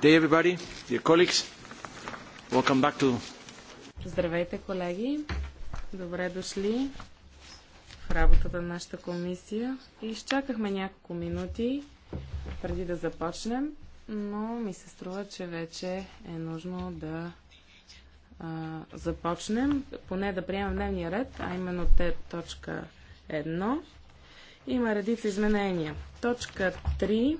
Good day, everybody, dear colleagues. Welcome back to... Здравейте, колеги. Добре дошли в работата на нашата комисия. Изчакахме няколко минути преди да започнем, но ми се струва, че вече е нужно да а, започнем, поне да приемем дневния ред, а именно те точка 1. Има редица изменения. Точка 3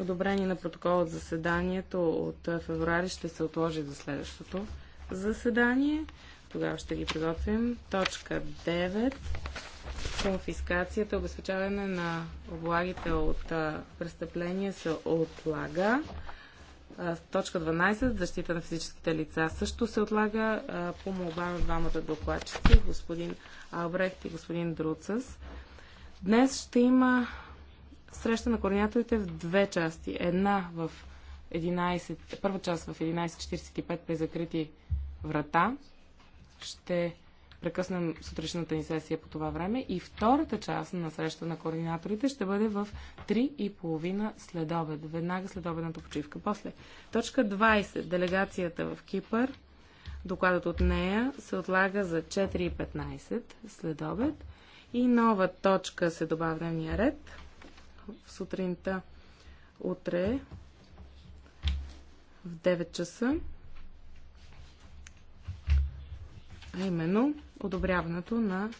Одобрение на протокол от заседанието от февруари ще се отложи за следващото заседание. Тогава ще ги приготвим. Точка 9. Конфискацията, обезпечаване на облагите от престъпления се отлага. Точка 12. Защита на физическите лица също се отлага по молба на двамата докладчици, господин Албрехт и господин Друцъс. Днес ще има среща на координаторите в две части. Една в 11, първа част в 11.45 при закрити врата. Ще прекъснем сутрешната ни сесия по това време. И втората част на среща на координаторите ще бъде в 3.30 след обед, веднага след обедната почивка. После, точка 20, делегацията в Кипър. Докладът от нея се отлага за 4.15 след обед. И нова точка се добавя в дневния ред сутринта утре в 9 часа. А именно одобряването на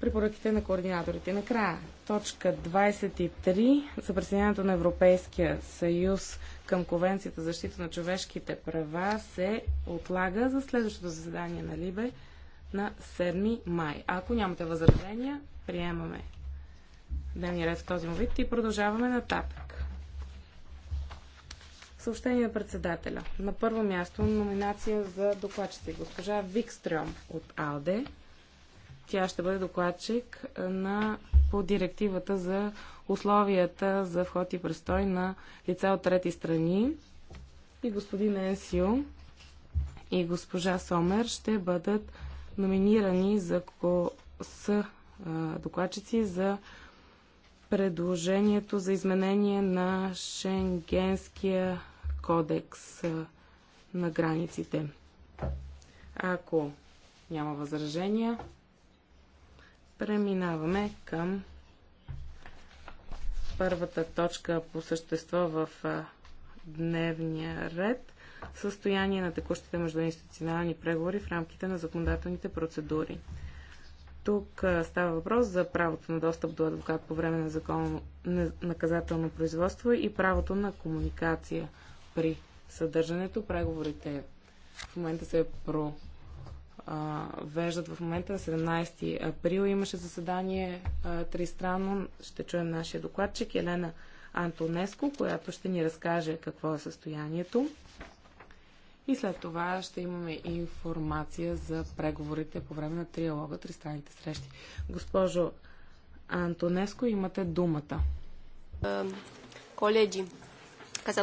препоръките на координаторите. Накрая, точка 23 за присъединяването на Европейския съюз към Конвенцията за защита на човешките права се отлага за следващото заседание на Либе на 7 май. Ако нямате възражения, приемаме дневния ред в този му вид и продължаваме нататък. Съобщение на председателя. На първо място номинация за докладчици. Госпожа Викстрем от АЛДЕ. Тя ще бъде докладчик на, по директивата за условията за вход и престой на лица от трети страни. И господин Енсио и госпожа Сомер ще бъдат номинирани за ко... с а, докладчици за предложението за изменение на Шенгенския кодекс на границите. Ако няма възражения, преминаваме към първата точка по същество в дневния ред състояние на текущите междуинституционални преговори в рамките на законодателните процедури. Тук става въпрос за правото на достъп до адвокат по време на законно наказателно производство и правото на комуникация при съдържането. Преговорите в момента се про веждат в момента на 17 април. Имаше заседание три тристранно. Ще чуем нашия докладчик Елена Антонеско, която ще ни разкаже какво е състоянието. И след това ще имаме информация за преговорите по време на триалога, тристранните срещи. Госпожо Антонеско, имате думата. Колеги,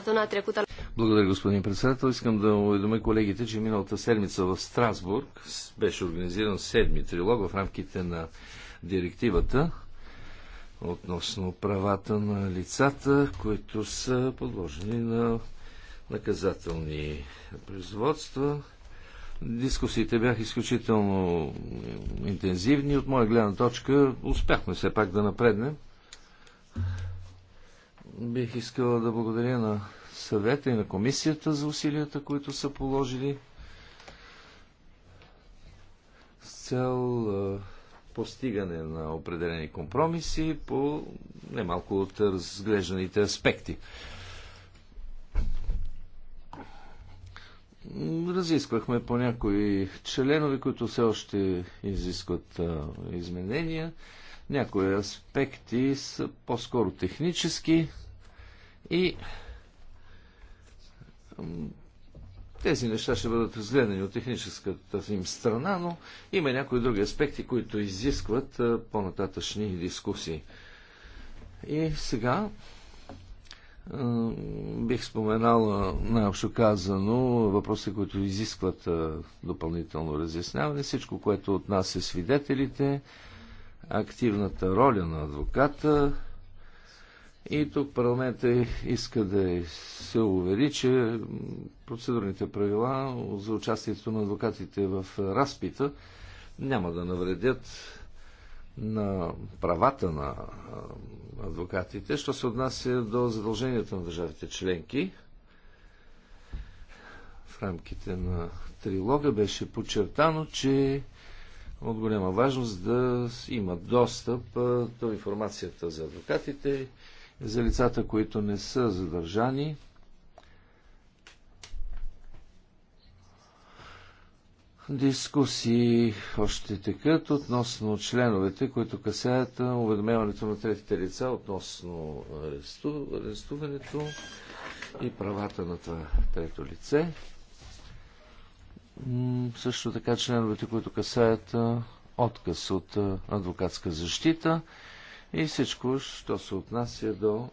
на трекута... Благодаря, господин председател. Искам да уведомя колегите, че миналата седмица в Страсбург беше организиран седми трилог в рамките на директивата относно правата на лицата, които са подложени на наказателни производства. Дискусиите бяха изключително интензивни. От моя гледна точка успяхме все пак да напреднем. Бих искала да благодаря на съвета и на комисията за усилията, които са положили с цел постигане на определени компромиси по немалко от разглежданите аспекти. Разисквахме по някои членове, които все още изискват а, изменения. Някои аспекти са по-скоро технически и тези неща ще бъдат разгледани от техническата им страна, но има някои други аспекти, които изискват по-нататъчни дискусии. И сега е, бих споменал е, най-общо казано въпроси, които изискват е, допълнително разясняване. Всичко, което от нас е свидетелите, активната роля на адвоката. И тук парламентът иска да се увери, че процедурните правила за участието на адвокатите в разпита няма да навредят на правата на адвокатите, що се отнася до задълженията на държавите членки. В рамките на трилога беше подчертано, че от голяма важност да имат достъп до информацията за адвокатите, за лицата, които не са задържани Дискусии още текат относно членовете, които касаят уведомяването на третите лица относно аресту, арестуването и правата на това трето лице. Също така членовете, които касаят отказ от адвокатска защита и всичко, що се отнася до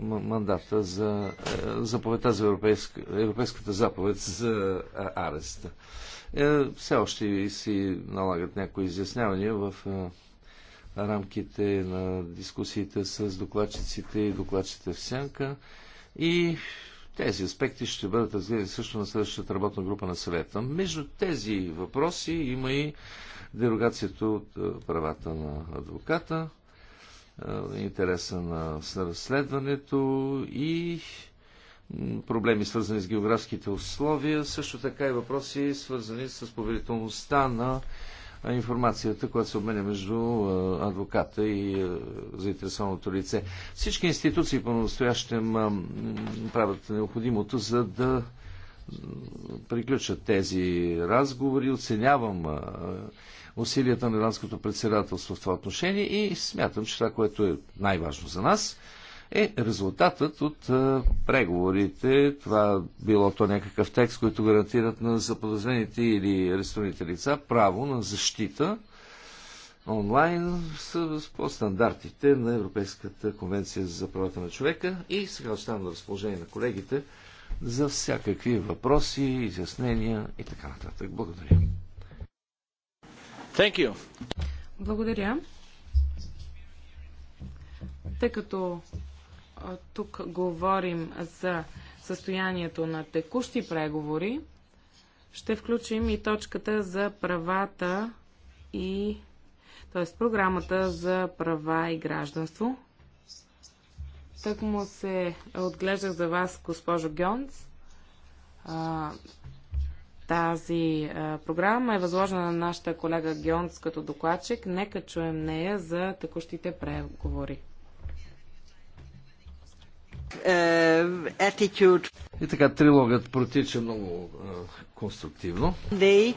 мандата за е, заповедта за европейск, европейската заповед за ареста. Е, все още си налагат някои изяснявания в е, рамките на дискусиите с докладчиците и докладчите в сянка. И тези аспекти ще бъдат разгледани също на следващата работна група на съвета. Между тези въпроси има и дерогацията от е, правата на адвоката, интереса на разследването и проблеми, свързани с географските условия, също така и въпроси, свързани с поверителността на информацията, която се обменя между адвоката и заинтересованото лице. Всички институции по-настоящем правят необходимото, за да приключат тези разговори. Оценявам усилията на иранското председателство в това отношение и смятам, че това, което е най-важно за нас – е резултатът от е, преговорите. Това било то някакъв текст, който гарантират на заподозрените или арестуваните лица право на защита онлайн с по стандартите на Европейската конвенция за правата на човека. И сега оставам на разположение на колегите за всякакви въпроси, изяснения и така нататък. Благодаря. Thank you. Благодаря. Тъй като тук говорим за състоянието на текущи преговори, ще включим и точката за правата и т.е. програмата за права и гражданство. Так му се отглеждах за вас, госпожо Гьонц. Тази програма е възложена на нашата колега Гьонц като докладчик. Нека чуем нея за текущите преговори. Uh, attitude. И така, трилогът протича много конструктивно. Day.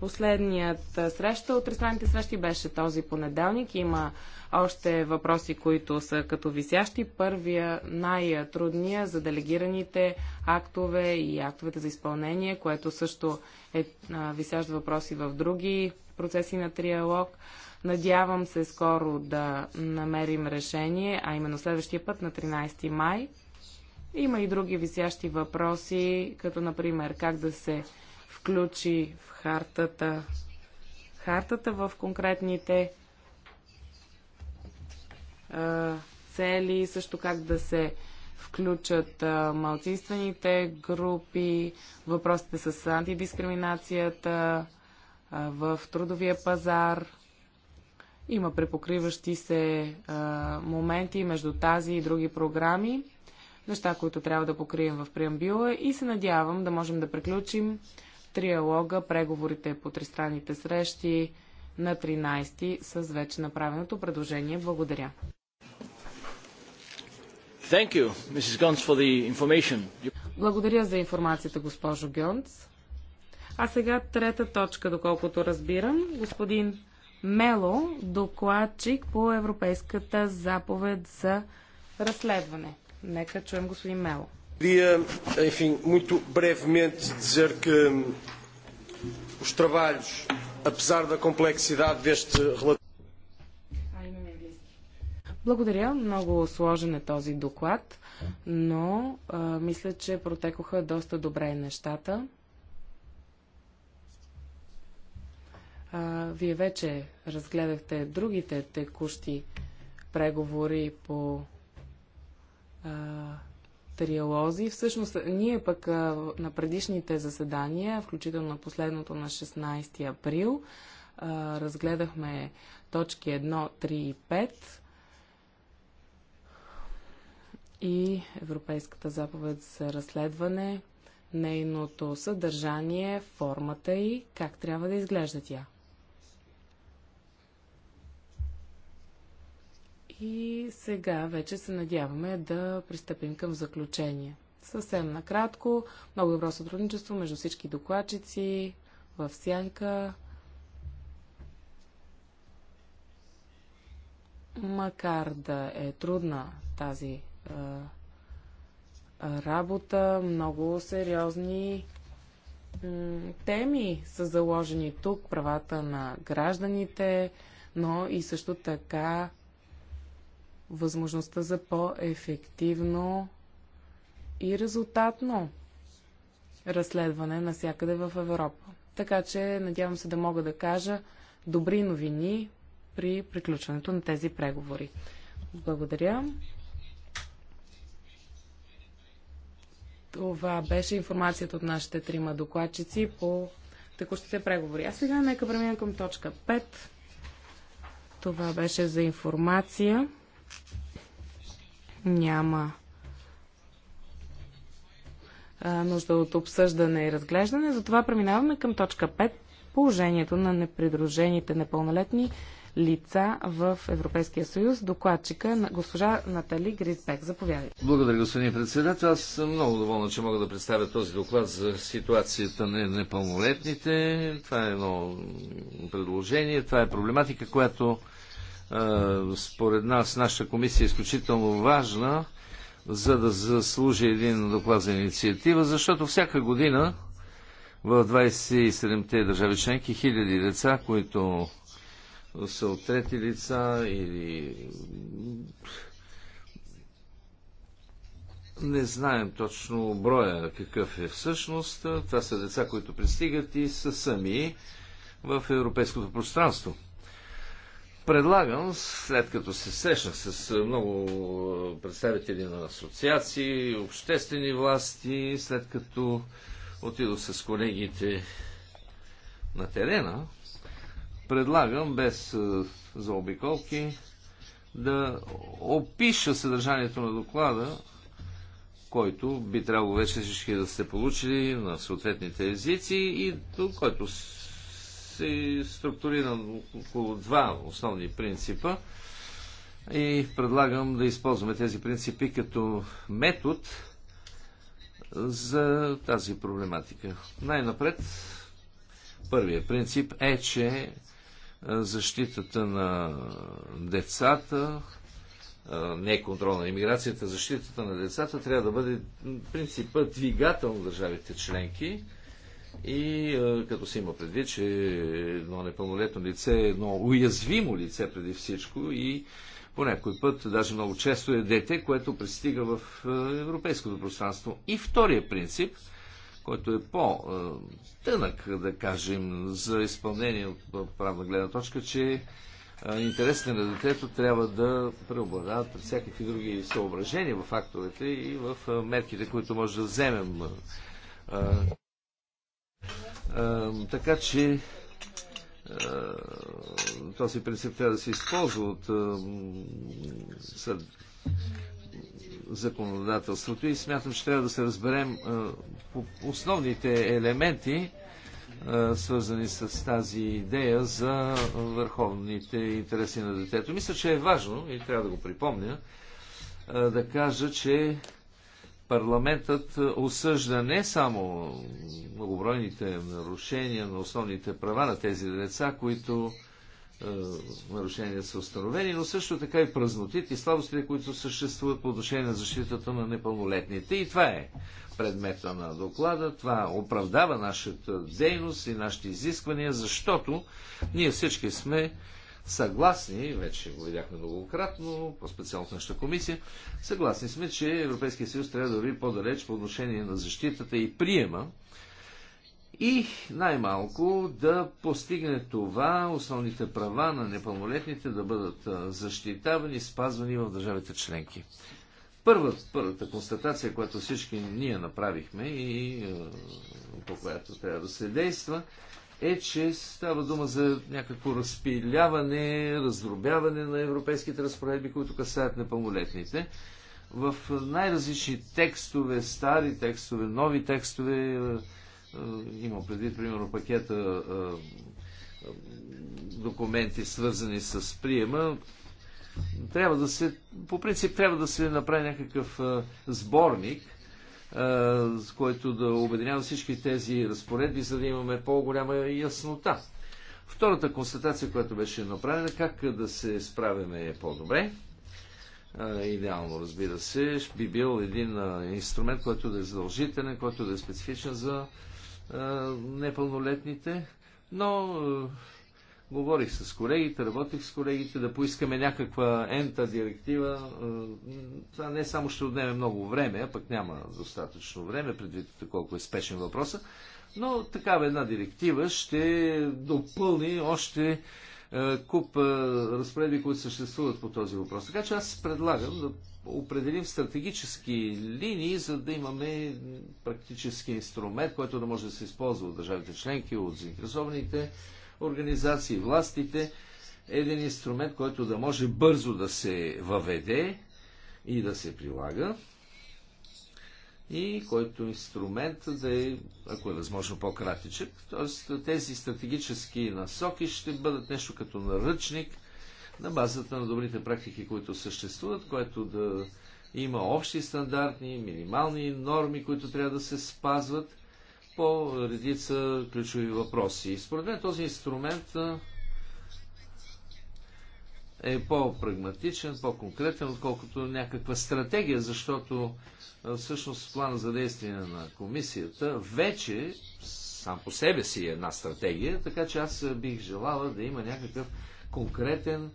Последният среща от ресторанните срещи беше този понеделник. Има още въпроси, които са като висящи. Първия, най-трудния за делегираните актове и актовете за изпълнение, което също е висящ въпрос и в други процеси на триалог. Надявам се скоро да намерим решение, а именно следващия път на 13 май. Има и други висящи въпроси, като например как да се включи в хартата, хартата в конкретните а, цели, също как да се включат а, малцинствените групи, въпросите с антидискриминацията а, в трудовия пазар – има препокриващи се а, моменти между тази и други програми, неща, които трябва да покрием в преамбюла и се надявам да можем да приключим триалога, преговорите по тристранните срещи на 13 с вече направеното предложение. Благодаря. Thank you, Mrs. Gons, for the information. Благодаря за информацията, госпожо Гонц. А сега трета точка, доколкото разбирам. Господин Мело, докладчик по Европейската заповед за разследване. Нека чуем господин Мело. Queria, enfim, muito brevemente dizer que os trabalhos, apesar da complexidade deste relatório. Благодаря. Много сложен е този доклад, но а, мисля, че протекоха доста добре нещата. А, вие вече разгледахте другите текущи преговори по а, триалози. Всъщност, ние пък а, на предишните заседания, включително на последното на 16 април, а, разгледахме точки 1, 3 и 5 и Европейската заповед за разследване, нейното съдържание, формата и как трябва да изглежда тя. И сега вече се надяваме да пристъпим към заключение. Съвсем накратко, много добро сътрудничество между всички докладчици в Сянка. Макар да е трудна тази работа, много сериозни теми са заложени тук, правата на гражданите, но и също така възможността за по-ефективно и резултатно разследване навсякъде в Европа. Така че надявам се да мога да кажа добри новини при приключването на тези преговори. Благодаря. Това беше информацията от нашите трима докладчици по текущите преговори. А сега нека преминем към точка 5. Това беше за информация. Няма нужда от обсъждане и разглеждане. Затова преминаваме към точка 5. Положението на непридружените непълнолетни лица в Европейския съюз. Докладчика на госпожа Натали Гризбек. Заповядайте. Благодаря, господин председател. Аз съм много доволна, че мога да представя този доклад за ситуацията на непълнолетните. Това е едно предложение. Това е проблематика, която според нас нашата комисия е изключително важна, за да заслужи един доклад за инициатива, защото всяка година в 27-те държави членки хиляди деца, които са от трети лица или не знаем точно броя какъв е всъщност. Това са деца, които пристигат и са сами в европейското пространство. Предлагам, след като се срещнах с много представители на асоциации, обществени власти, след като отидох с колегите на терена, предлагам без заобиколки да опиша съдържанието на доклада, който би трябвало вече всички да сте получили на съответните езици и до който е структуриран около два основни принципа и предлагам да използваме тези принципи като метод за тази проблематика. Най-напред, първият принцип е, че защитата на децата, не контрол на иммиграцията, защитата на децата трябва да бъде принципът двигател на държавите членки – и като се има предвид, че едно непълнолетно лице е едно уязвимо лице преди всичко и по някой път, даже много често е дете, което пристига в европейското пространство. И втория принцип, който е по-тънък, да кажем, за изпълнение от правна гледна точка, че интересите на детето трябва да преобладават при всякакви други съображения в актовете и в мерките, които може да вземем така че този принцип трябва да се използва от законодателството и смятам, че трябва да се разберем по основните елементи, свързани с тази идея за върховните интереси на детето. Мисля, че е важно и трябва да го припомня да кажа, че парламентът е, осъжда не само многобройните нарушения на основните права на тези деца, които е, нарушения са установени, но също така и празнотите и слабостите, които съществуват по отношение на защитата на непълнолетните. И това е предмета на доклада. Това оправдава нашата дейност и нашите изисквания, защото ние всички сме съгласни, вече го видяхме многократно, по-специално в нашата комисия, съгласни сме, че Европейския съюз трябва да върви по-далеч по отношение на защитата и приема и най-малко да постигне това основните права на непълнолетните да бъдат защитавани, спазвани в държавите членки. Първа, първата констатация, която всички ние направихме и по която трябва да се действа, е, че става дума за някакво разпиляване, раздробяване на европейските разпоредби, които касаят непълнолетните. В най-различни текстове, стари текстове, нови текстове, е, е, има предвид, примерно, пакета е, документи, свързани с приема, трябва да се, по принцип трябва да се направи някакъв сборник – с който да обединява всички тези разпоредби, за да имаме по-голяма яснота. Втората констатация, която беше направена, как да се справяме е по-добре, идеално, разбира се, би бил един инструмент, който да е задължителен, който да е специфичен за непълнолетните, но Говорих с колегите, работих с колегите да поискаме някаква ента директива. Е, това не само ще отнеме много време, а пък няма достатъчно време, предвид колко е спешен въпроса, но такава една директива ще допълни още е, куп е, разпореди, които съществуват по този въпрос. Така че аз предлагам да определим стратегически линии, за да имаме практически инструмент, който да може да се използва от държавите членки, от заинтересованите организации, властите, е един инструмент, който да може бързо да се въведе и да се прилага и който инструмент да е, ако е възможно, по-кратичък. Тоест тези стратегически насоки ще бъдат нещо като наръчник на базата на добрите практики, които съществуват, което да има общи стандартни, минимални норми, които трябва да се спазват по редица ключови въпроси. Според мен този инструмент е по-прагматичен, по-конкретен, отколкото някаква стратегия, защото всъщност плана за действие на комисията вече сам по себе си е една стратегия, така че аз бих желала да има някакъв конкретен,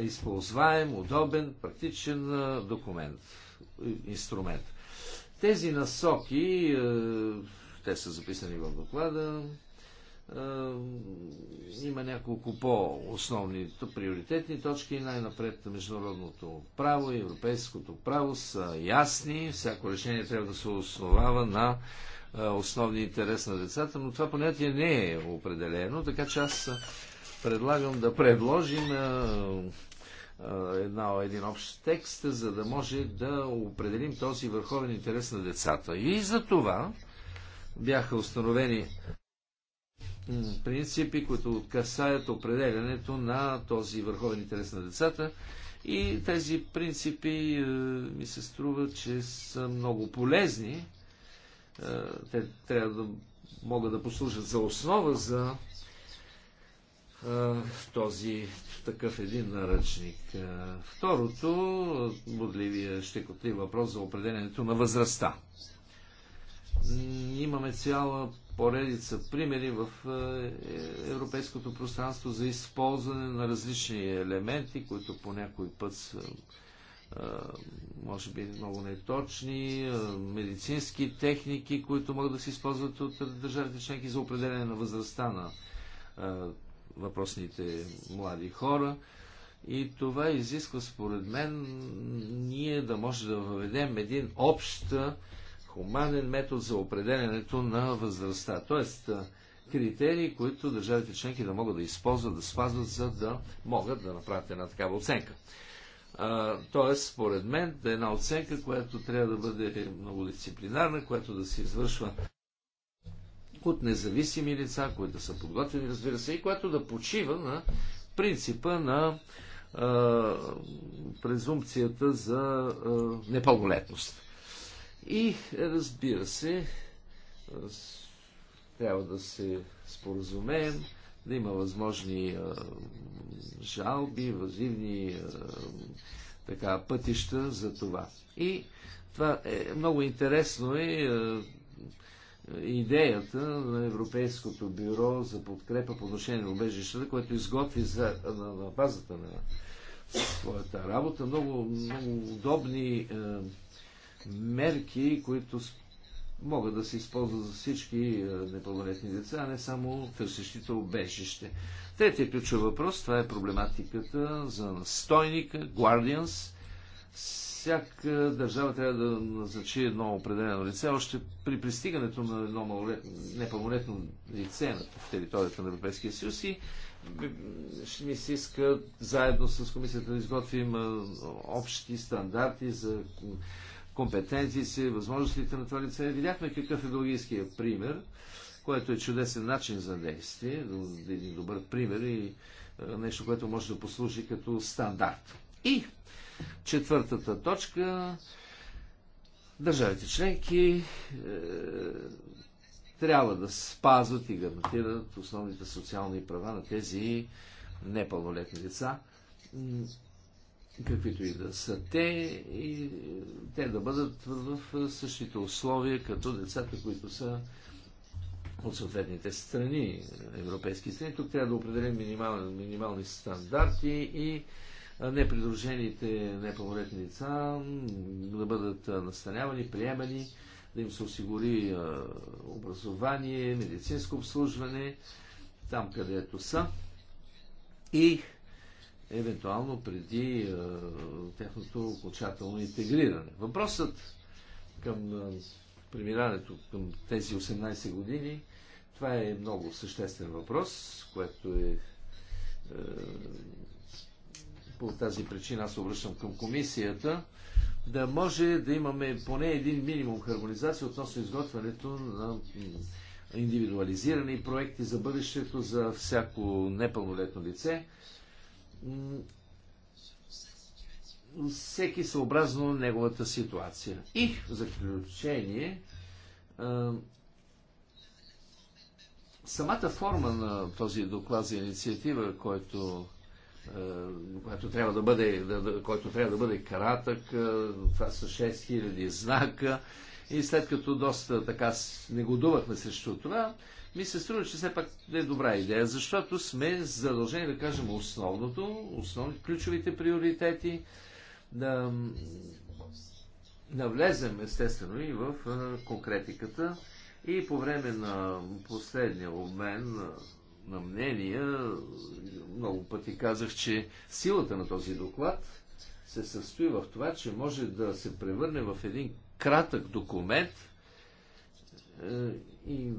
използваем, удобен, практичен документ, инструмент. Тези насоки те са записани в доклада. Има няколко по-основни приоритетни точки. Най-напред международното право и европейското право са ясни. Всяко решение трябва да се основава на основни интерес на децата, но това понятие не е определено, така че аз предлагам да предложим една, един общ текст, за да може да определим този върховен интерес на децата. И за това бяха установени принципи, които касаят определянето на този върховен интерес на децата. И тези принципи е, ми се струва, че са много полезни. Е, те трябва да могат да послужат за основа за е, този такъв един наръчник. Второто, бодливия, щекотлив въпрос за определенето на възрастта. Имаме цяла поредица примери в е, е, европейското пространство за използване на различни елементи, които по някой път са е, може би много неточни, медицински техники, които могат да се използват от държавите членки за определение на възрастта на въпросните млади хора. И това изисква, според мен, ние да може да въведем един общ хуманен метод за определенето на възрастта. Тоест, критерии, които държавите членки да могат да използват, да спазват, за да могат да направят една такава оценка. А, тоест, според мен, да е една оценка, която трябва да бъде много дисциплинарна, която да се извършва от независими лица, които са подготвени, разбира се, и която да почива на принципа на а, презумпцията за а, непълнолетност. И разбира се, трябва да се споразумеем, да има възможни жалби, възивни така, пътища за това. И това е много интересно е идеята на Европейското бюро за подкрепа по отношение на убежищата, което изготви за, на, на базата на своята работа много, много удобни е, мерки, които могат да се използват за всички е, непълнолетни деца, а не само търсещите обежище. Третия ключов въпрос, това е проблематиката за настойника, Guardians. Всяка държава трябва да назначи едно определено лице. Още при пристигането на едно малолетно, непълнолетно лице на територията на Европейския съюз и ще ми се иска заедно с комисията да изготвим е, общи стандарти за Компетенции си, възможностите на това лице. Видяхме какъв е белгийския пример, което е чудесен начин за действие, един добър пример и е, нещо, което може да послужи като стандарт. И четвъртата точка държавите членки е, трябва да спазват и гарантират основните социални права на тези непълнолетни деца каквито и да са те, и те да бъдат в същите условия като децата, които са от съответните страни, европейски страни. Тук трябва да определим минимал, минимални стандарти и непридружените непълнолетни деца да бъдат настанявани, приемани, да им се осигури образование, медицинско обслужване, там където са. И евентуално преди е, тяхното окончателно интегриране. Въпросът към е, преминаването към тези 18 години, това е много съществен въпрос, което е, е по тази причина аз обръщам към комисията, да може да имаме поне един минимум хармонизация относно изготвянето на индивидуализирани проекти за бъдещето за всяко непълнолетно лице, всеки съобразно неговата ситуация. И в заключение, самата форма на този доклад за инициатива, който който трябва да бъде, който трябва да бъде кратък, това са 6000 знака. И след като доста така негодувахме срещу това, ми се струва, че все пак не е добра идея, защото сме задължени да кажем основното, основни, ключовите приоритети, да навлезем естествено и в конкретиката и по време на последния обмен на мнения, много пъти казах, че силата на този доклад се състои в това, че може да се превърне в един кратък документ е, и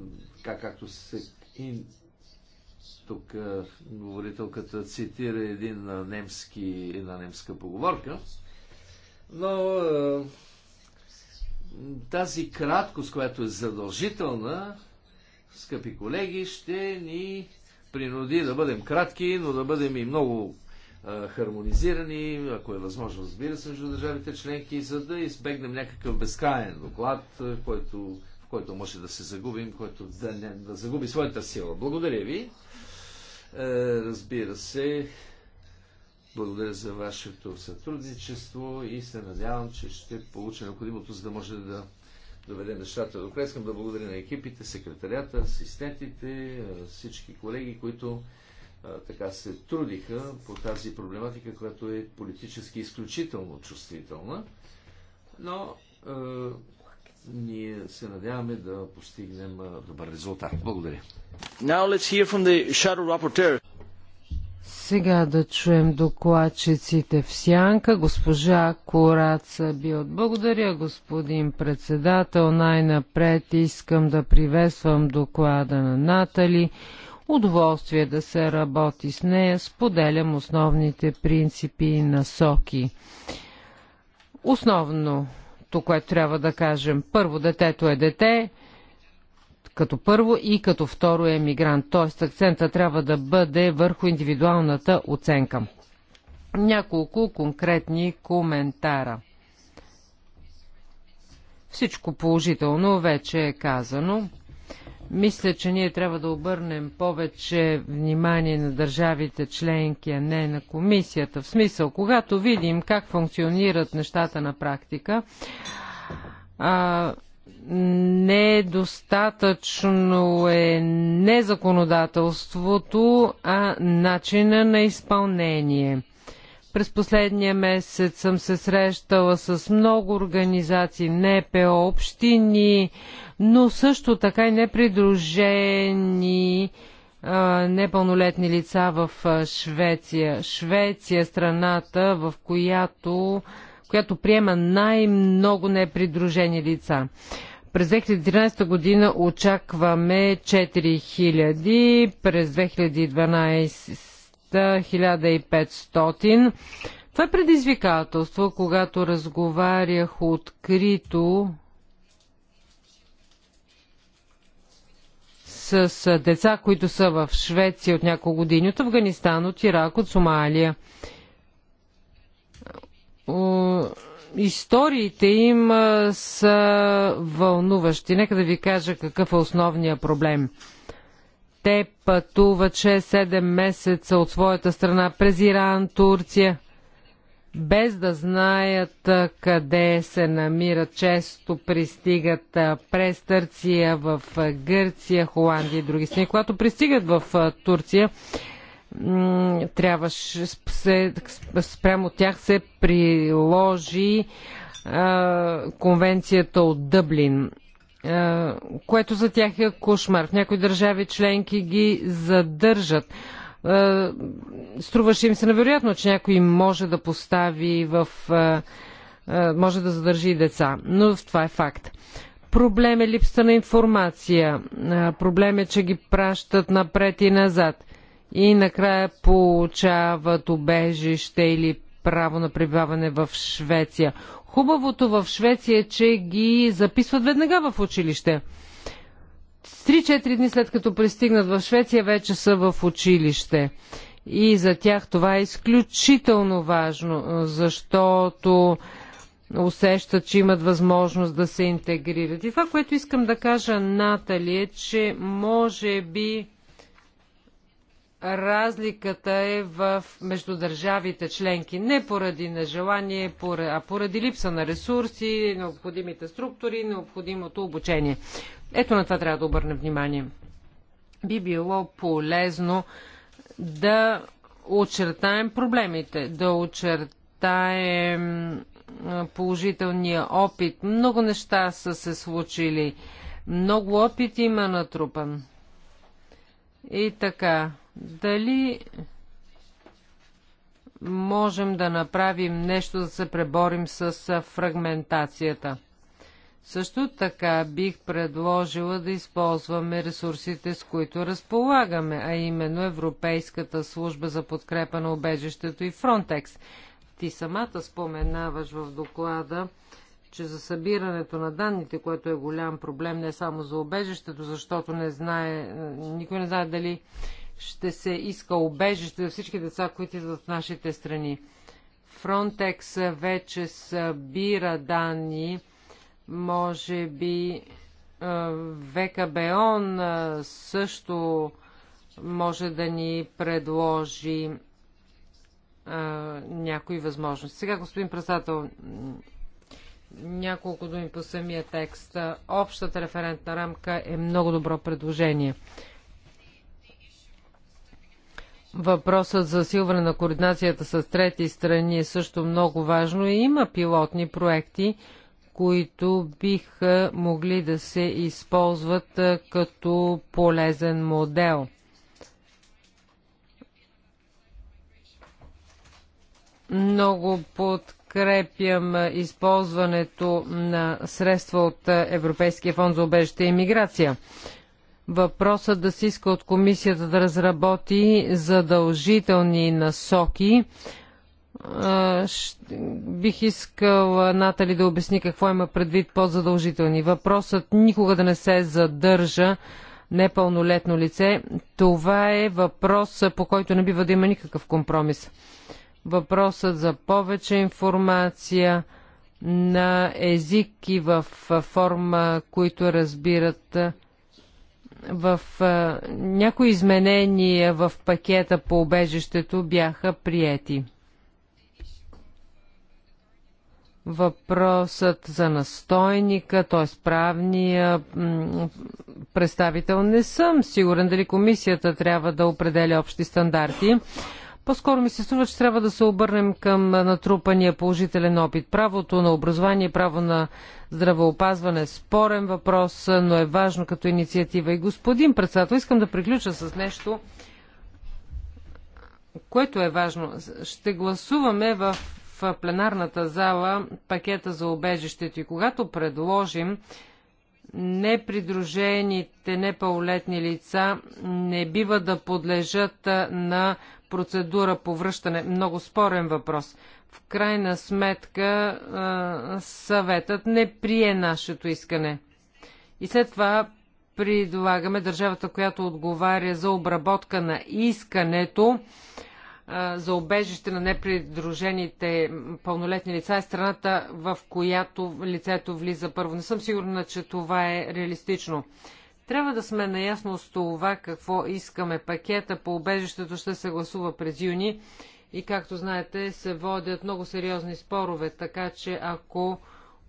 така както се... И... Тук говорителката цитира един немски, една немска поговорка, но тази краткост, която е задължителна, скъпи колеги, ще ни принуди да бъдем кратки, но да бъдем и много а, хармонизирани, ако е възможно, разбира се, между държавите членки, за да избегнем някакъв безкрайен доклад, който който може да се загубим, който да, не, да загуби своята сила. Благодаря ви. Е, разбира се, благодаря за вашето сътрудничество и се надявам, че ще получа необходимото, за да може да доведе нещата до край. Искам да благодаря на екипите, секретарята, асистентите, е, всички колеги, които а, е, така се трудиха по тази проблематика, която е политически изключително чувствителна. Но е, ние се надяваме да постигнем добър резултат. Благодаря. Now let's hear from the shadow rapporteur. Сега да чуем докладчиците в сянка. Госпожа Кораца от Благодаря, господин председател. Най-напред искам да приветствам доклада на Натали. Удоволствие да се работи с нея. Споделям основните принципи и насоки. Основно което трябва да кажем. Първо, детето е дете, като първо и като второ е мигрант. Т.е. акцента трябва да бъде върху индивидуалната оценка. Няколко конкретни коментара. Всичко положително вече е казано. Мисля, че ние трябва да обърнем повече внимание на държавите членки, а не на комисията. В смисъл, когато видим как функционират нещата на практика, а, достатъчно е не законодателството, а начина на изпълнение. През последния месец съм се срещала с много организации, НПО, общини, но също така и непридружени непълнолетни лица в Швеция. Швеция е страната, в която, която приема най-много непридружени лица. През 2013 година очакваме 4000, през 2012 1500. Това е предизвикателство, когато разговарях открито с деца, които са в Швеция от няколко години, от Афганистан, от Ирак, от Сомалия. Историите им са вълнуващи. Нека да ви кажа какъв е основният проблем – те пътуват 6-7 месеца от своята страна през Иран, Турция, без да знаят къде се намират. Често пристигат през Търция, в Гърция, Холандия и други страни. Когато пристигат в Турция, трябваше се, спрямо тях се приложи конвенцията от Дъблин. Е, което за тях е кошмар. В някои държави членки ги задържат. Е, струваше им се невероятно, че някой може да постави в. Е, може да задържи и деца. Но това е факт. Проблем е липса на информация. Проблем е, че ги пращат напред и назад. И накрая получават обежище или право на пребиваване в Швеция. Хубавото в Швеция е, че ги записват веднага в училище. 3-4 дни след като пристигнат в Швеция, вече са в училище. И за тях това е изключително важно, защото усещат, че имат възможност да се интегрират. И това, което искам да кажа, Натали, е, че може би разликата е в между държавите членки. Не поради нежелание, а поради липса на ресурси, необходимите структури, необходимото обучение. Ето на това трябва да обърнем внимание. Би било полезно да очертаем проблемите, да очертаем положителния опит. Много неща са се случили. Много опит има натрупан. И така, дали можем да направим нещо, да се преборим с фрагментацията? Също така бих предложила да използваме ресурсите, с които разполагаме, а именно Европейската служба за подкрепа на обежището и Фронтекс. Ти самата споменаваш в доклада, че за събирането на данните, което е голям проблем не само за обежището, защото не знае, никой не знае дали ще се иска обежище за всички деца, които идват в нашите страни. Frontex вече събира данни, може би ВКБОН също може да ни предложи а, някои възможности. Сега, господин председател, няколко думи по самия текст. Общата референтна рамка е много добро предложение. Въпросът за силване на координацията с трети страни е също много важно и има пилотни проекти, които биха могли да се използват като полезен модел. Много подкрепям използването на средства от Европейския фонд за обежище и миграция въпросът да се иска от комисията да разработи задължителни насоки. Бих искал Натали да обясни какво има предвид по задължителни. Въпросът никога да не се задържа непълнолетно лице. Това е въпрос, по който не бива да има никакъв компромис. Въпросът за повече информация на език и в форма, които разбират в а, някои изменения в пакета по обежището бяха приети. Въпросът за настойника, т.е. правния представител, не съм сигурен дали комисията трябва да определя общи стандарти. По-скоро ми се струва, че трябва да се обърнем към натрупания положителен опит. Правото на образование, право на здравеопазване е спорен въпрос, но е важно като инициатива. И господин председател, искам да приключа с нещо, което е важно. Ще гласуваме в пленарната зала пакета за обежището и когато предложим непридружените непълнолетни лица не бива да подлежат на процедура по връщане? Много спорен въпрос. В крайна сметка съветът не прие нашето искане. И след това предлагаме държавата, която отговаря за обработка на искането за обежище на непридружените пълнолетни лица е страната, в която лицето влиза първо. Не съм сигурна, че това е реалистично. Трябва да сме наясно с това какво искаме. Пакета по убежището ще се гласува през юни и както знаете се водят много сериозни спорове, така че ако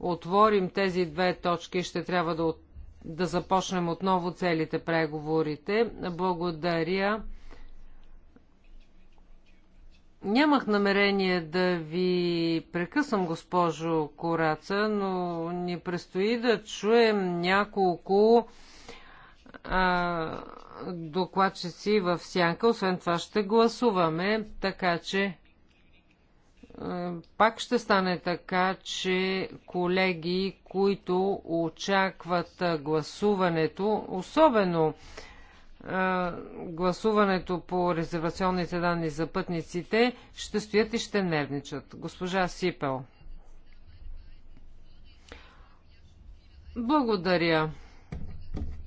отворим тези две точки, ще трябва да, да започнем отново целите преговорите. Благодаря. Нямах намерение да ви прекъсвам, госпожо Кораца, но ни предстои да чуем няколко докладчици в сянка. Освен това ще гласуваме, така че пак ще стане така, че колеги, които очакват гласуването, особено гласуването по резервационните данни за пътниците, ще стоят и ще нервничат. Госпожа Сипел. Благодаря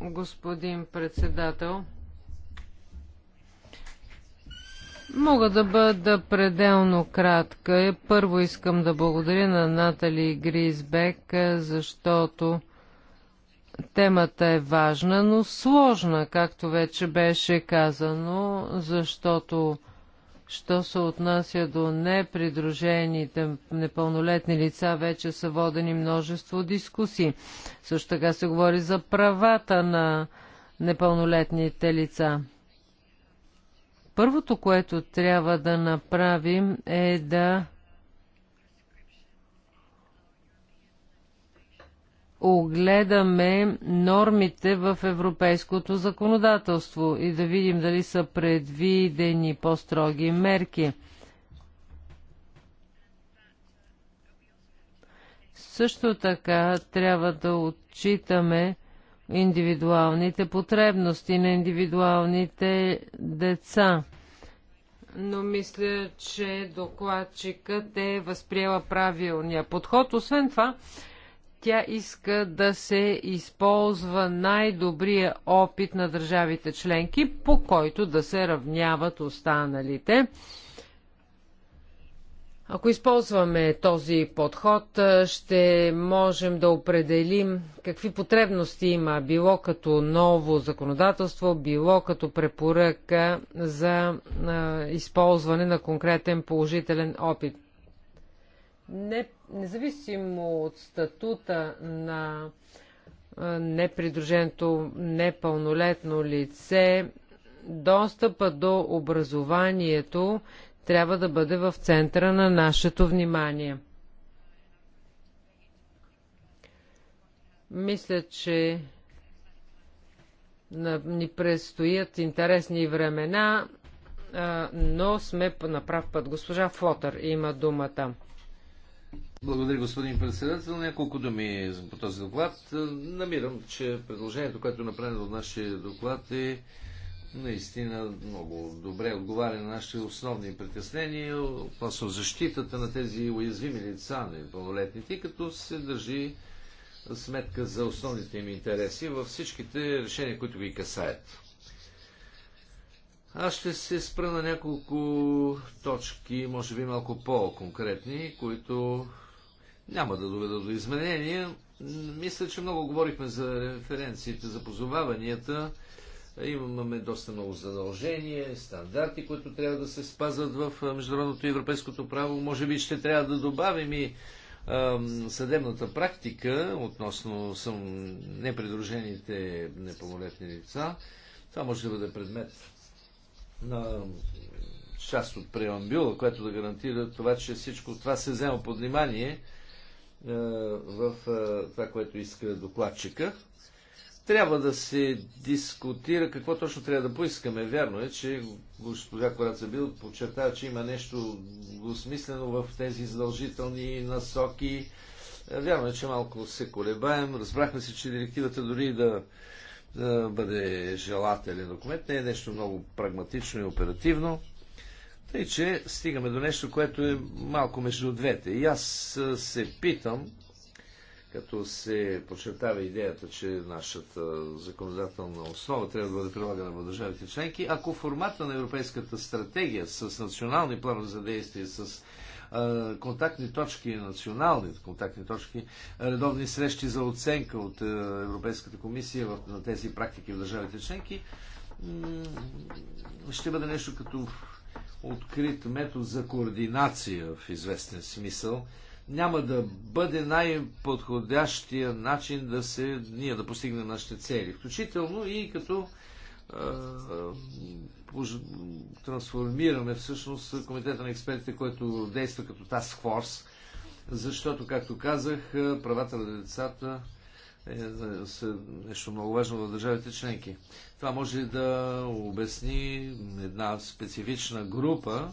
господин председател. Мога да бъда пределно кратка. Е, първо искам да благодаря на Натали Гризбек, е, защото темата е важна, но сложна, както вече беше казано, защото Що се отнася до непридружените непълнолетни лица, вече са водени множество дискусии. Също така се говори за правата на непълнолетните лица. Първото, което трябва да направим е да огледаме нормите в европейското законодателство и да видим дали са предвидени по-строги мерки. Също така трябва да отчитаме индивидуалните потребности на индивидуалните деца. Но мисля, че докладчикът е възприела правилния подход. Освен това, тя иска да се използва най-добрия опит на държавите членки, по който да се равняват останалите. Ако използваме този подход, ще можем да определим какви потребности има, било като ново законодателство, било като препоръка за използване на конкретен положителен опит. Не независимо от статута на непридруженото непълнолетно лице, достъпа до образованието трябва да бъде в центъра на нашето внимание. Мисля, че ни предстоят интересни времена, но сме на прав път. Госпожа Флотър има думата. Благодаря, господин председател. Няколко думи по този доклад. Намирам, че предложението, което е направено от нашия доклад е наистина много добре отговаря на нашите основни притеснения относно защитата на тези уязвими лица, на пълнолетните, като се държи сметка за основните им интереси във всичките решения, които ги касаят. Аз ще се спра на няколко точки, може би малко по-конкретни, които няма да доведа до изменения. Мисля, че много говорихме за референциите, за позоваванията. Имаме доста много задължения, стандарти, които трябва да се спазват в международното и европейското право. Може би ще трябва да добавим и съдебната практика относно съм непридружените непълнолетни лица. Това може да бъде предмет на част от преамбюла, което да гарантира това, че всичко това се взема под внимание е, в е, това, което иска докладчика. Трябва да се дискутира какво точно трябва да поискаме. Вярно е, че госпожа Кораца Бил подчертава, че има нещо осмислено в тези задължителни насоки. Е, вярно е, че малко се колебаем. Разбрахме се, че директивата дори да, да бъде желателен документ не е нещо много прагматично и оперативно. Тъй, че стигаме до нещо, което е малко между двете. И аз се питам, като се подчертава идеята, че нашата законодателна основа трябва да бъде прилагана в държавите членки, ако формата на Европейската стратегия с национални планове за действие, с контактни точки, национални контактни точки, редовни срещи за оценка от Европейската комисия на тези практики в държавите членки, ще бъде нещо като открит метод за координация в известен смисъл, няма да бъде най-подходящия начин да се, ние да постигнем нашите цели. Включително и като трансформираме всъщност комитета на експертите, който действа като Task Force, защото, както казах, правата на децата е, е нещо много важно в държавите членки. Това може да обясни една специфична група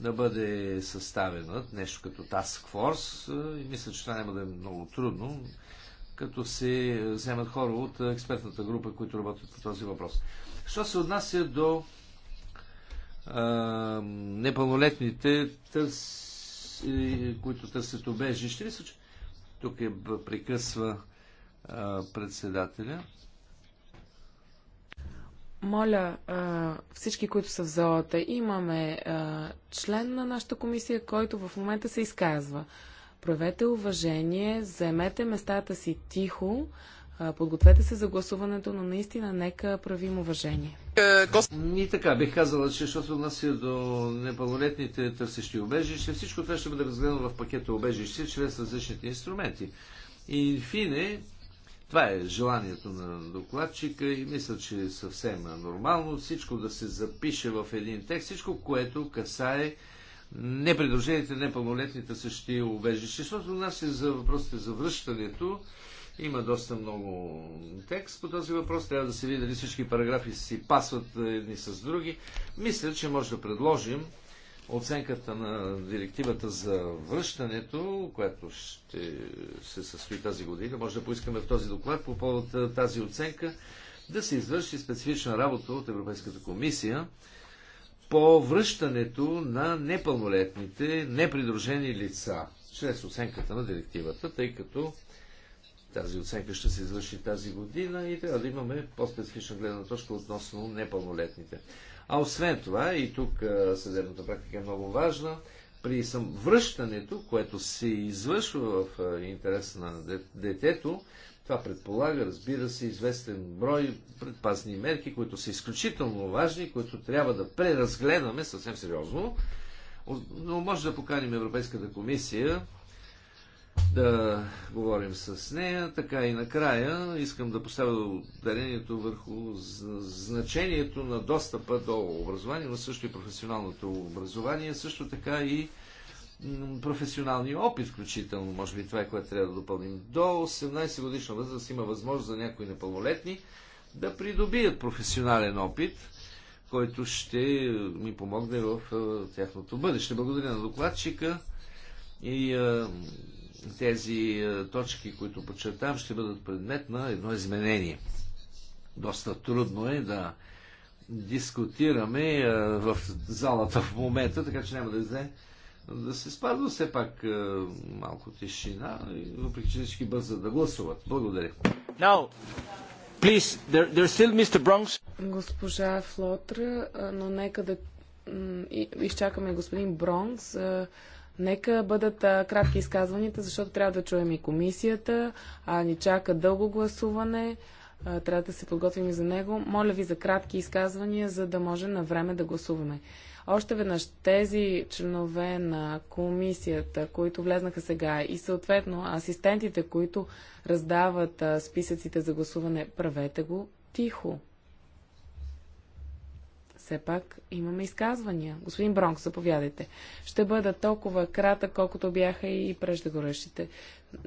да бъде съставена, нещо като Task Force. Е, и мисля, че това няма да е много трудно, като се вземат хора от експертната група, които работят по този въпрос. Що се отнася до а, непълнолетните, търс, които търсят обежище, мисля, че тук е прекъсва председателя. Моля всички, които са в залата, имаме член на нашата комисия, който в момента се изказва. Проявете уважение, заемете местата си тихо, подгответе се за гласуването, но наистина нека правим уважение. Е, И така, бих казала, че защото нас е до непълнолетните търсещи обежище, всичко това ще бъде разгледано в пакета обежище чрез различните инструменти. И фине, това е желанието на докладчика и мисля, че е съвсем нормално всичко да се запише в един текст, всичко, което касае непридружените, непълнолетните същи убежище. Защото у нас е за въпросите за връщането. Има доста много текст по този въпрос. Трябва да се види дали всички параграфи си пасват едни с други. Мисля, че може да предложим Оценката на директивата за връщането, която ще се състои тази година, може да поискаме в този доклад по повод тази оценка да се извърши специфична работа от Европейската комисия по връщането на непълнолетните, непридружени лица чрез оценката на директивата, тъй като тази оценка ще се извърши тази година и трябва да имаме по-специфична гледна точка относно непълнолетните. А освен това, и тук съдебната практика е много важна, при връщането, което се извършва в интерес на детето, това предполага, разбира се, известен брой предпазни мерки, които са изключително важни, които трябва да преразгледаме съвсем сериозно. Но може да поканим Европейската комисия да говорим с нея. Така и накрая искам да поставя ударението върху значението на достъпа до образование, но също и професионалното образование, също така и професионалния опит включително. Може би това е което трябва да допълним. До 18 годишна възраст има възможност за някои непълнолетни да придобият професионален опит, който ще ми помогне в тяхното бъдеще. Благодаря на докладчика и тези е, точки, които подчертавам, ще бъдат предмет на едно изменение. Доста трудно е да дискутираме е, в залата в момента, така че няма да изде да се спазва все пак е, малко тишина, въпреки че всички бързат да гласуват. Благодаря. Now, please, there, there's still Mr. Bronx. Госпожа Флотра, но нека да изчакаме господин Бронкс. Нека бъдат а, кратки изказванията, защото трябва да чуем и комисията, а ни чака дълго гласуване. А, трябва да се подготвим и за него. Моля ви за кратки изказвания, за да може на време да гласуваме. Още веднъж тези членове на комисията, които влезнаха сега и съответно асистентите, които раздават а, списъците за гласуване, правете го тихо все пак имаме изказвания. Господин Бронк, заповядайте. Ще бъда толкова кратък, колкото бяха и преждегорещите.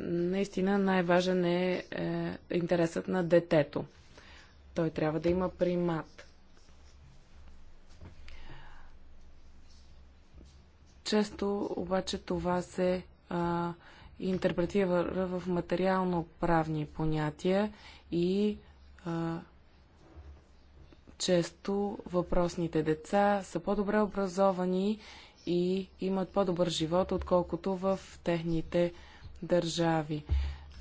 Наистина най-важен е, е интересът на детето. Той трябва да има примат. Често обаче това се а, интерпретира в материално-правни понятия и а, често въпросните деца са по-добре образовани и имат по-добър живот, отколкото в техните държави.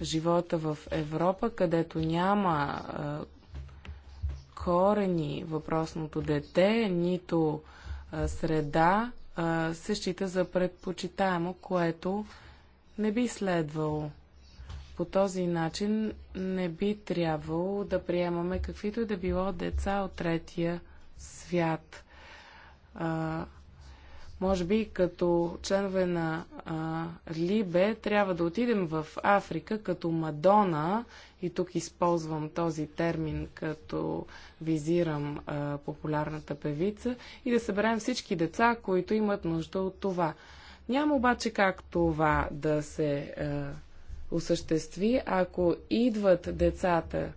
Живота в Европа, където няма а, корени въпросното дете, нито а, среда, а, се счита за предпочитаемо, което не би следвало по този начин не би трябвало да приемаме каквито и да било деца от третия свят. А, може би като членове на а, Либе трябва да отидем в Африка като Мадона, и тук използвам този термин, като визирам а, популярната певица, и да съберем всички деца, които имат нужда от това. Няма обаче как това да се. А, осъществи, ако идват децата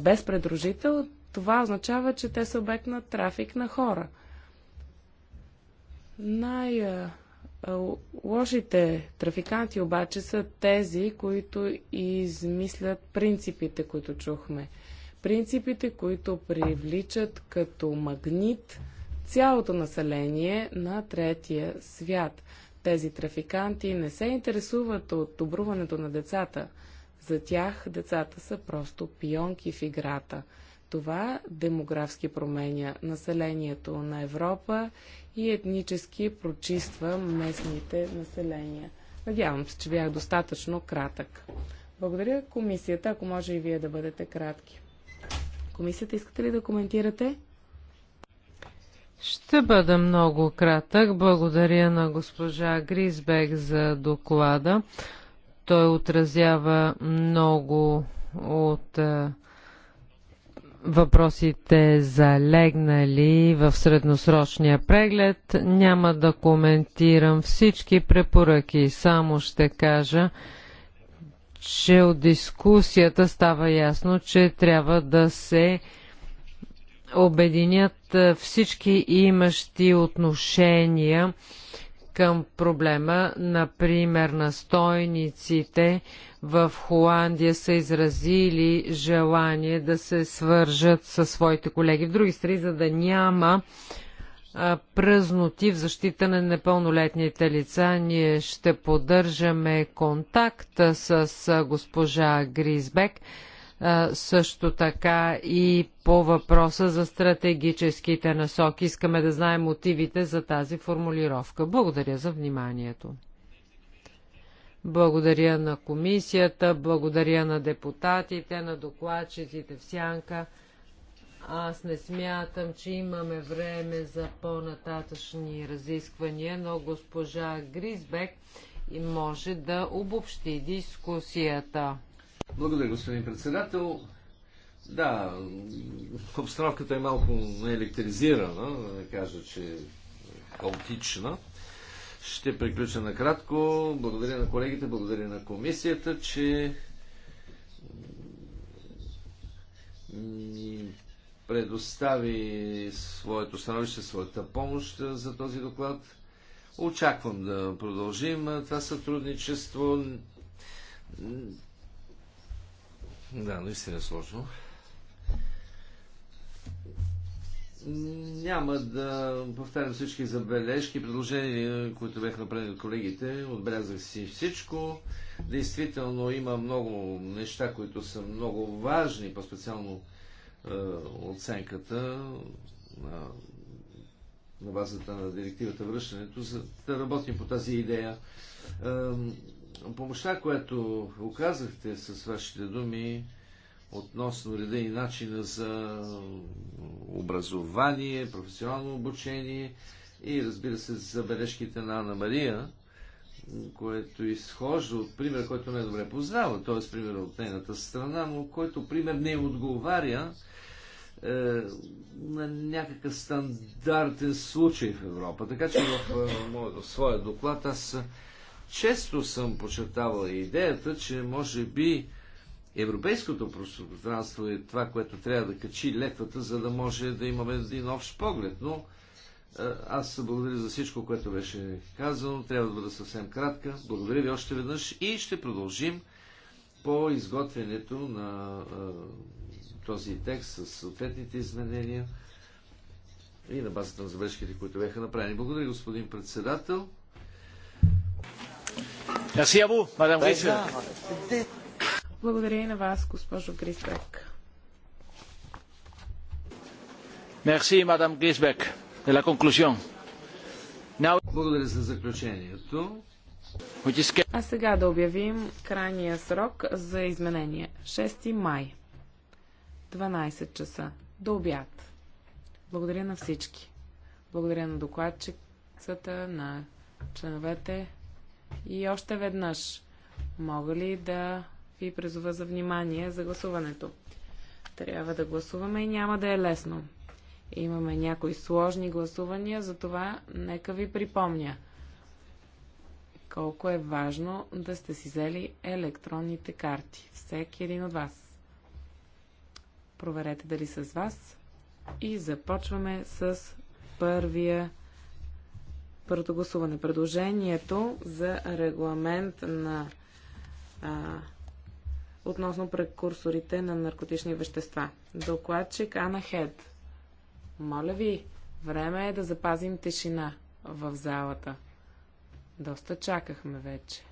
без предружител, това означава, че те са обект на трафик на хора. Най-лошите трафиканти обаче са тези, които измислят принципите, които чухме. Принципите, които привличат като магнит цялото население на третия свят – тези трафиканти не се интересуват от добруването на децата. За тях децата са просто пионки в играта. Това демографски променя населението на Европа и етнически прочиства местните населения. Надявам се, че бях достатъчно кратък. Благодаря комисията, ако може и вие да бъдете кратки. Комисията, искате ли да коментирате? Ще бъда много кратък. Благодаря на госпожа Гризбек за доклада. Той отразява много от е, въпросите залегнали в средносрочния преглед. Няма да коментирам всички препоръки, само ще кажа, че от дискусията става ясно, че трябва да се обединят всички имащи отношения към проблема. Например, настойниците в Холандия са изразили желание да се свържат със своите колеги в други страни, за да няма пръзноти в защита на непълнолетните лица. Ние ще поддържаме контакт с госпожа Гризбек също така и по въпроса за стратегическите насоки. Искаме да знаем мотивите за тази формулировка. Благодаря за вниманието. Благодаря на комисията, благодаря на депутатите, на докладчиците в Сянка. Аз не смятам, че имаме време за по-нататъчни разисквания, но госпожа Гризбек може да обобщи дискусията. Благодаря, господин председател. Да, обстановката е малко неелектризирана, да кажа, че е хаотична. Ще приключа накратко. Благодаря на колегите, благодаря на комисията, че ни предостави своето становище, своята помощ за този доклад. Очаквам да продължим това сътрудничество. Да, наистина е сложно. Няма да повтарям всички забележки, предложения, които бяха направени от колегите. Отбелязах си всичко. Действително има много неща, които са много важни, по-специално е, оценката на, на базата на директивата връщането, за да работим по тази идея. Е, Помощта, която оказахте с вашите думи относно реда и начина за образование, професионално обучение и разбира се забележките на Анна Мария, което изхожда от пример, който не е добре познава, т.е. пример от нейната страна, но който пример не отговаря е, на някакъв стандартен случай в Европа. Така че в, в, е, в своя доклад аз често съм почертавал идеята, че може би европейското пространство е това, което трябва да качи летвата, за да може да имаме един общ поглед. Но е, аз благодаря за всичко, което беше казано. Трябва да бъда съвсем кратка. Благодаря ви още веднъж и ще продължим по изготвянето на а, е, този текст с съответните изменения и на базата на забележките, които бяха направени. Благодаря, господин председател. Благодаря и на вас, госпожо Грисбек. Мерси, мадам Грисбек, за Благодаря за заключението. А сега да обявим крайния срок за изменение. 6 май. 12 часа. До обяд. Благодаря на всички. Благодаря на докладчицата, на членовете. И още веднъж, мога ли да ви призова за внимание за гласуването? Трябва да гласуваме и няма да е лесно. Имаме някои сложни гласувания, затова нека ви припомня колко е важно да сте си взели електронните карти. Всеки един от вас. Проверете дали с вас. И започваме с първия Първото гласуване. Предложението за регламент на а, относно прекурсорите на наркотични вещества. Докладчик Ана Хед. Моля ви, време е да запазим тишина в залата. Доста чакахме вече.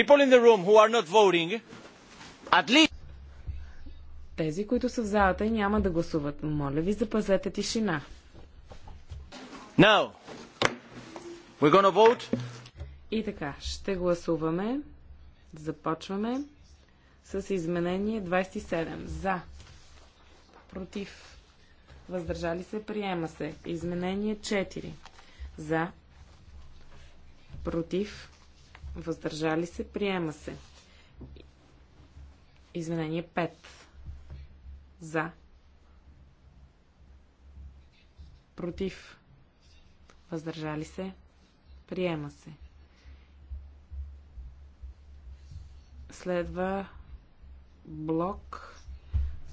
People in the room who are not voting, at least тези, които са в залата и няма да гласуват. Моля ви, запазете тишина. Now, we're gonna vote. И така, ще гласуваме. Започваме с изменение 27. За. Против. Въздържали се. Приема се. Изменение 4. За. Против. Въздържали се. Приема се. Изменение 5. За. Против. Въздържали се. Приема се. Следва блок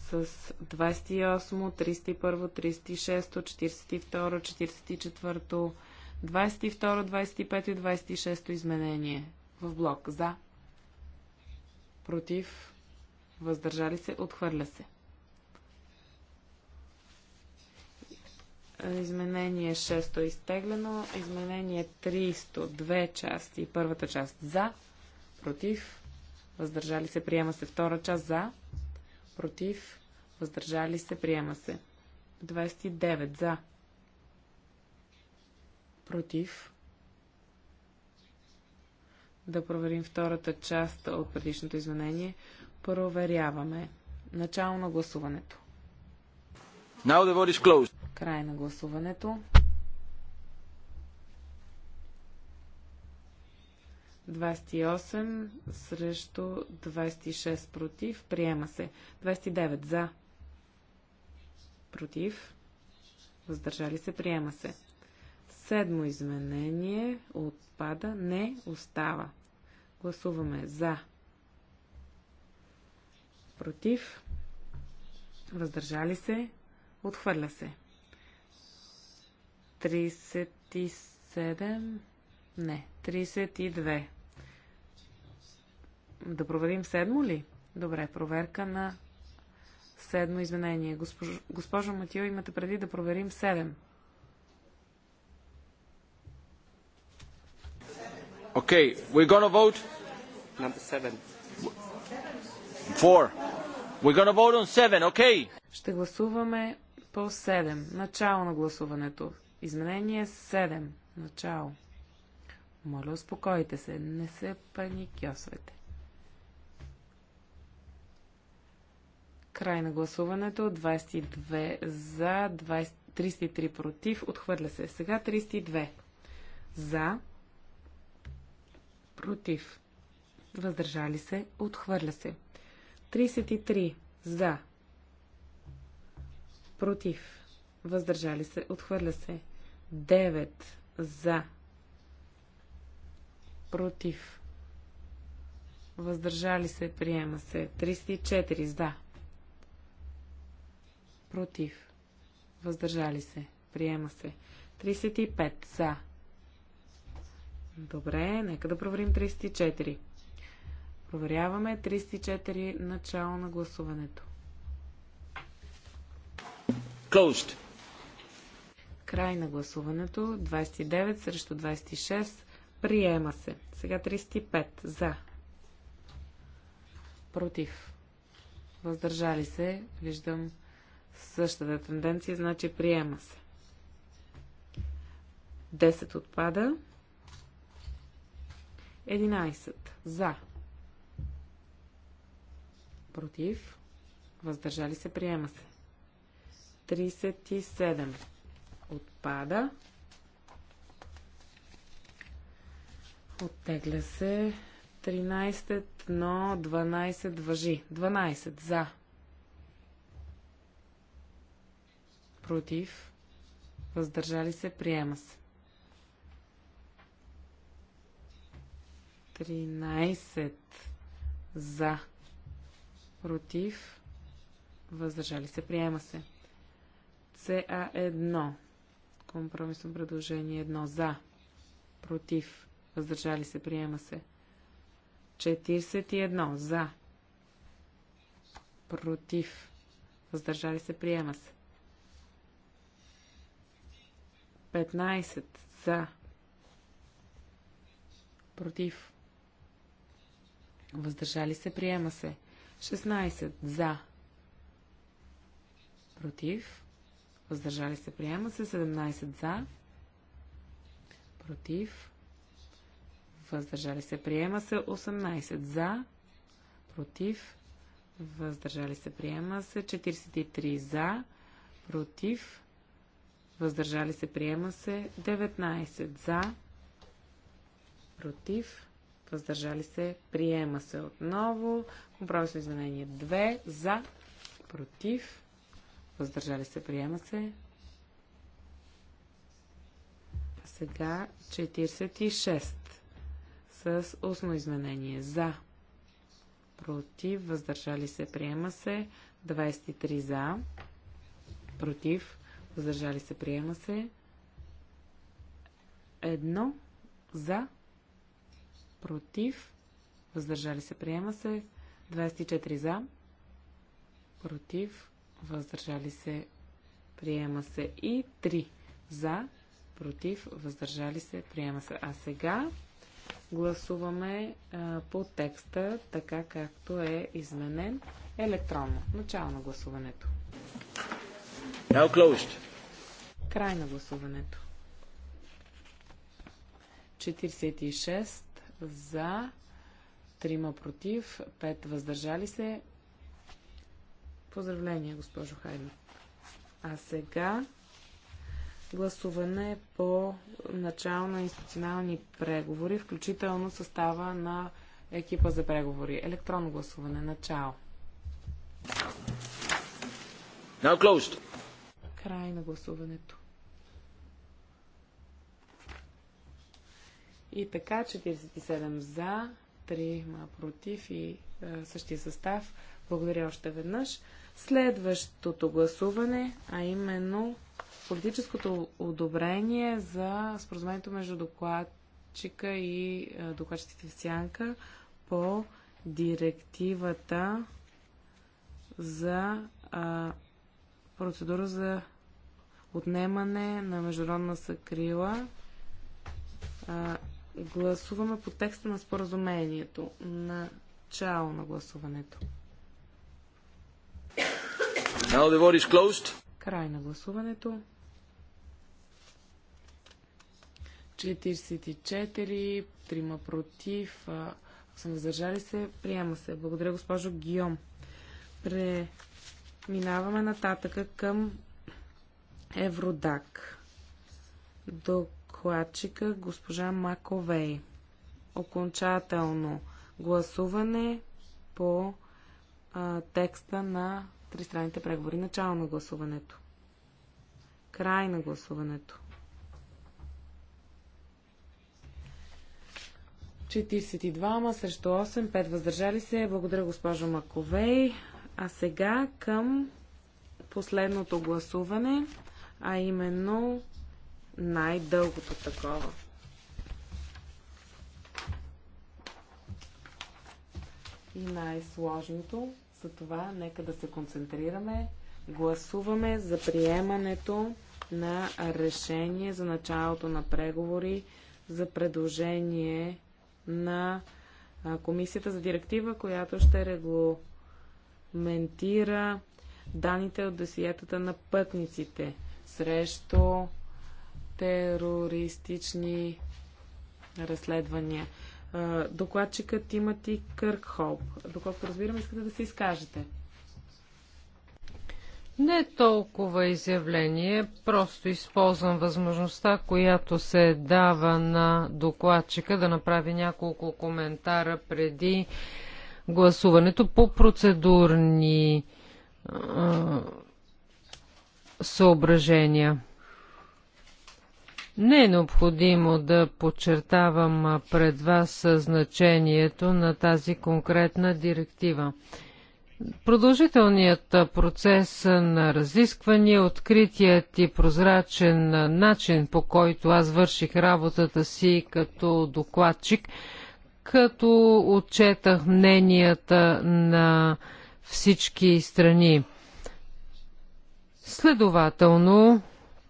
с 28, 31, 36, 42, 44, 22, 25 и 26 изменение в блок. За. Против. Въздържали се. Отхвърля се. Изменение 6 е изтеглено. Изменение 300. Две части. Първата част за. Против. Въздържали се. Приема се. Втора част за. Против. Въздържали се. Приема се. 29 за. Против. Да проверим втората част от предишното изменение. Проверяваме. Начало на гласуването. Now the vote is closed. Край на гласуването. 28 срещу 26 против. Приема се. 29 за. Против. Въздържали се. Приема се. Седмо изменение отпада. Не остава. Гласуваме за. Против. Въздържали се. Отхвърля се. 37. Не, 32. Да проверим седмо ли? Добре, проверка на седмо изменение. Госпожо, госпожо Матио, имате преди да проверим седем. Okay, we're gonna vote. Number seven. Four. We're gonna vote on seven, okay? Ще гласуваме по 7. Начало на гласуването. Изменение 7. Начало. Моля, успокойте се. Не се паникьосвайте. Край на гласуването. 22 за, 20, 33 против. Отхвърля се. Сега 32. За. Против. Въздържали се. Отхвърля се. 33. За. Против. Въздържали се. Отхвърля се. 9 за, против, въздържали се, приема се. 34 за, против, въздържали се, приема се. 35 за. Добре, нека да проверим 34. Проверяваме 34 начало на гласуването. Closed. Край на гласуването. 29 срещу 26. Приема се. Сега 35. За. Против. Въздържали се. Виждам същата тенденция, значи приема се. 10 отпада. 11. За. Против. Въздържали се. Приема се. 37 пада. Оттегля се 13, но 12 въжи. 12 за. Против. Въздържали се. Приема се. 13 за. Против. Въздържали се. Приема се. СА1 Компромисно предложение 1 за, против, въздържали се, приема се. 41 за, против, въздържали се, приема се. 15 за, против, въздържали се, приема се. 16 за, против, въздържали се, приема се. 17 за, против, въздържали се, приема се. 18 за, против, въздържали се, приема се. 43 за, против, въздържали се, приема се. 19 за, против, въздържали се, приема се отново. Компромисно изменение 2 за, против, въздържали се, приема се. Сега 46 с устно изменение за, против, въздържали се, приема се. 23 за, против, въздържали се, приема се. Едно за, против, въздържали се, приема се. 24 за, против, въздържали се, приема се и 3 за, против, въздържали се, приема се. А сега гласуваме а, по текста, така както е изменен електронно. Начало на гласуването. Now closed. Край на гласуването. 46 за, 3 против, 5 въздържали се, Поздравления, госпожо Хайна. А сега гласуване по начало на институционални преговори, включително състава на екипа за преговори. Електронно гласуване. Начало. Now closed. Край на гласуването. И така 47 за, 3 против и същия състав. Благодаря още веднъж следващото гласуване, а именно политическото одобрение за споразумението между докладчика и докладчиците в сянка по директивата за а, процедура за отнемане на международна съкрила. А, гласуваме по текста на споразумението. Начало на гласуването. Now the vote is closed. Край на гласуването. 44, 3 против, 8 въздържали се. Приема се. Благодаря, госпожо Гиом. Преминаваме нататъка към Евродак. Докладчика госпожа Маковей. Окончателно гласуване по а, текста на тристранните преговори. Начало на гласуването. Край на гласуването. 42 срещу 8, 5 въздържали се. Благодаря, госпожо Маковей. А сега към последното гласуване, а именно най-дългото такова. И най-сложното. Затова нека да се концентрираме. Гласуваме за приемането на решение за началото на преговори за предложение на Комисията за директива, която ще регламентира данните от досиетата на пътниците срещу терористични разследвания докладчикът ти Кърк Холб. Доколкото разбирам, искате да се изкажете. Не толкова изявление, просто използвам възможността, която се дава на докладчика да направи няколко коментара преди гласуването по процедурни съображения. Не е необходимо да подчертавам пред вас значението на тази конкретна директива. Продължителният процес на разисквания, откритият и прозрачен начин, по който аз върших работата си като докладчик, като отчетах мненията на всички страни. Следователно,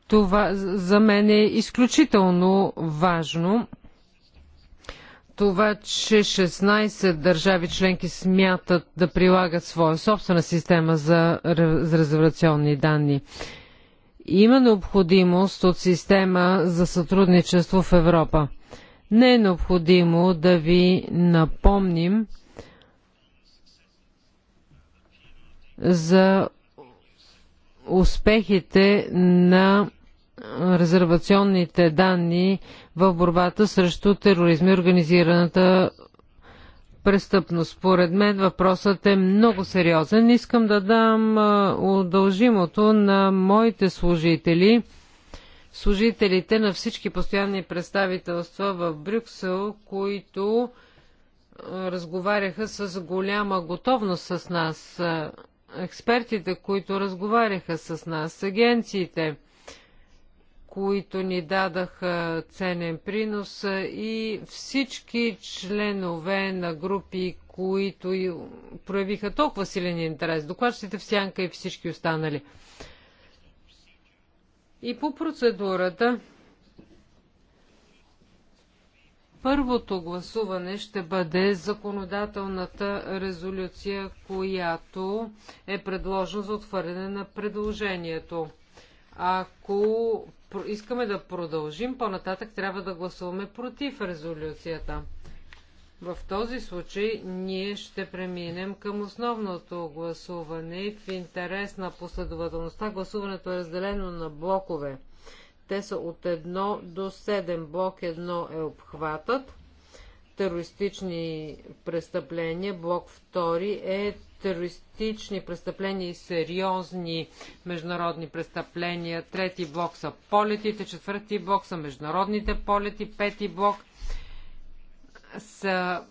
това за мен е изключително важно. Това, че 16 държави членки смятат да прилагат своя собствена система за резервационни данни. Има необходимост от система за сътрудничество в Европа. Не е необходимо да ви напомним за успехите на резервационните данни в борбата срещу тероризма и организираната престъпност. Според мен въпросът е много сериозен. Искам да дам удължимото на моите служители, служителите на всички постоянни представителства в Брюксел, които разговаряха с голяма готовност с нас. Експертите, които разговаряха с нас, агенциите – които ни дадаха ценен принос и всички членове на групи, които проявиха толкова силен интерес, докладчите в сянка и всички останали. И по процедурата, първото гласуване ще бъде законодателната резолюция, която е предложена за отвърдене на предложението. Ако искаме да продължим, по-нататък трябва да гласуваме против резолюцията. В този случай ние ще преминем към основното гласуване в интерес на последователността. Гласуването е разделено на блокове. Те са от 1 до 7. Блок 1 е обхватът. Терористични престъпления. Блок 2 е терористични престъпления и сериозни международни престъпления. Трети блок са полетите, четвърти блок са международните полети, пети блок са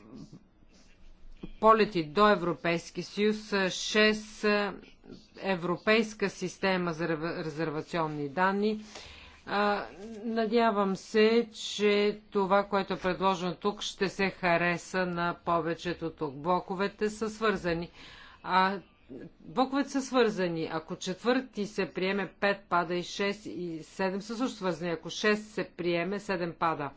полети до Европейски съюз, 6 европейска система за резервационни данни, а Надявам се, че това, което е предложено тук, ще се хареса на повечето тук. Блоковете са свързани. А, блоковете са свързани. Ако четвърти се приеме, 5 пада и 6 и 7 са също свързани. Ако 6 се приеме, 7 пада.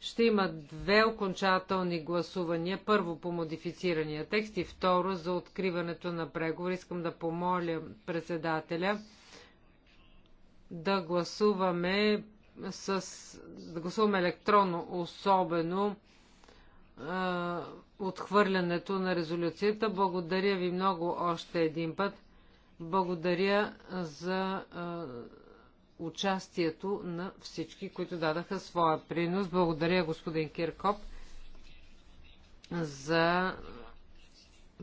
Ще има две окончателни гласувания. Първо по модифицирания текст и второ за откриването на преговори. Искам да помоля председателя да гласуваме с, да гласуваме електронно, особено е, отхвърлянето на резолюцията. Благодаря ви много още един път. Благодаря за е, участието на всички, които дадаха своя принос. Благодаря господин Киркоп за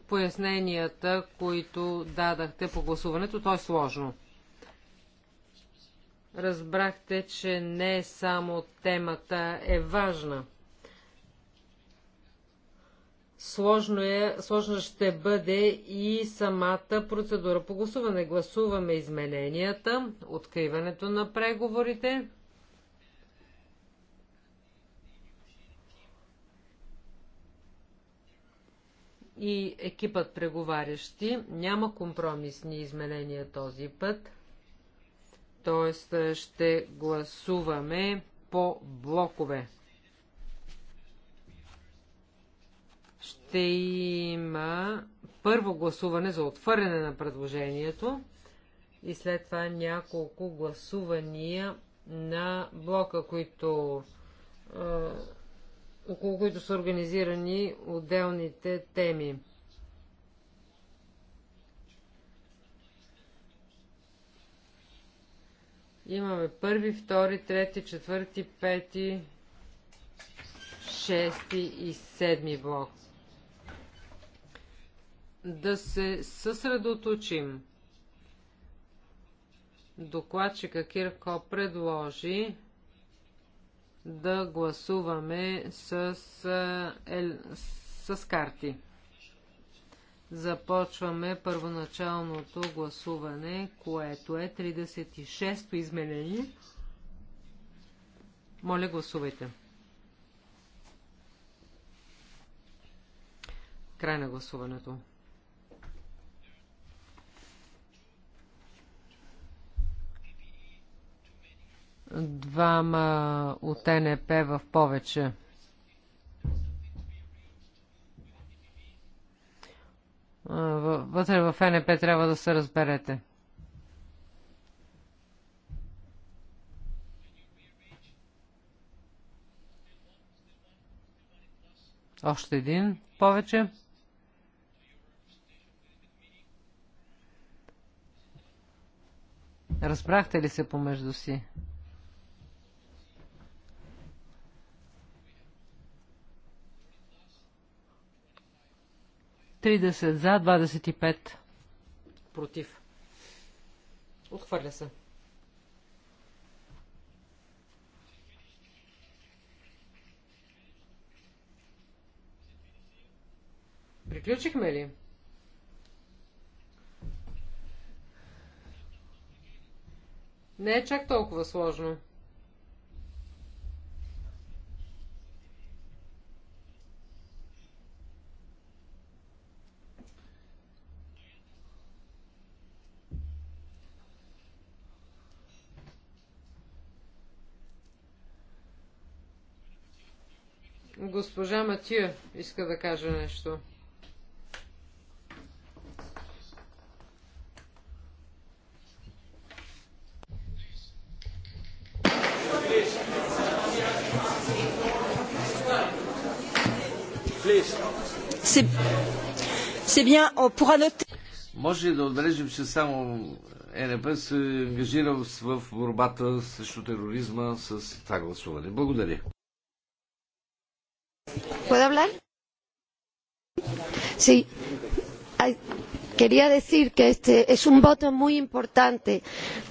поясненията, които дадахте по гласуването. То е сложно разбрахте, че не е само темата е важна. Сложно, е, сложно ще бъде и самата процедура по гласуване. Гласуваме измененията, откриването на преговорите. И екипът преговарящи. Няма компромисни изменения този път т.е. ще гласуваме по блокове. Ще има първо гласуване за отвърляне на предложението и след това няколко гласувания на блока, които, около които са организирани отделните теми. Имаме първи, втори, трети, четвърти, пети, шести и седми блок. Да се съсредоточим. Докладчика Кирко предложи да гласуваме с, е, с карти. Започваме първоначалното гласуване, което е 36-то изменение. Моля, гласувайте. Край на гласуването. Двама от НП в повече. вътре в НП трябва да се разберете. Още един повече. Разбрахте ли се помежду си? 30 за, 25 против. Отхвърля се. Приключихме ли? Не е чак толкова сложно. Госпожа Матия иска да каже нещо. Може да отбележим, че само ЕНП се ангажира в борбата срещу тероризма с това гласуване. Благодаря. ¿Puedo hablar? Sí. Quería decir que este es un voto muy importante.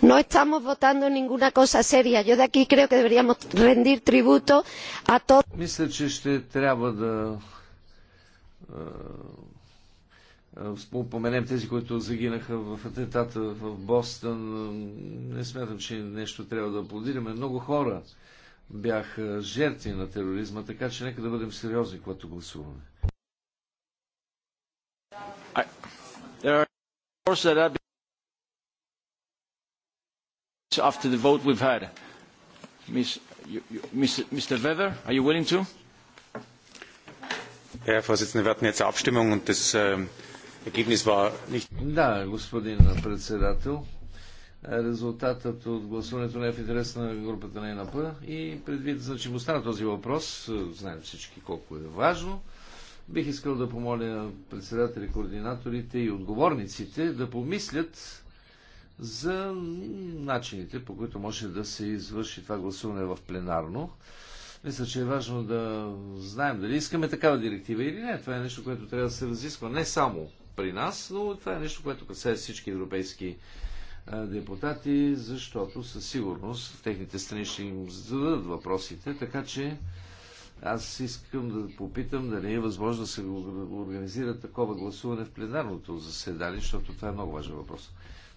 No estamos votando ninguna cosa seria. Yo de aquí creo que deberíamos rendir tributo a todos. Мисля, че ще трябва да упоменем тези, които загинаха в атентата в Бостън. Не смятам, че нещо трябва да аплодираме. Много хора бяха жертви на тероризма, така че нека да бъдем сериозни, когато гласуваме. After the vote we've had, Miss, you, you, Mr. Mr. Weber, are you willing to? Herr Vorsitzender, wir hatten jetzt Abstimmung und das äh, Ergebnis war nicht. Да, господин председател резултатът от гласуването не е в интерес на групата на ЕНАП и предвид значимостта на този въпрос, е, знаем всички колко е важно, бих искал да помоля председатели, координаторите и отговорниците да помислят за начините, по които може да се извърши това гласуване в пленарно. Мисля, че е важно да знаем дали искаме такава директива или не. Това е нещо, което трябва да се разисква не само при нас, но това е нещо, което касае всички европейски депутати, защото със сигурност в техните страни ще им зададат въпросите, така че аз искам да попитам дали е възможно да се организира такова гласуване в пленарното заседание, защото това е много важен въпрос.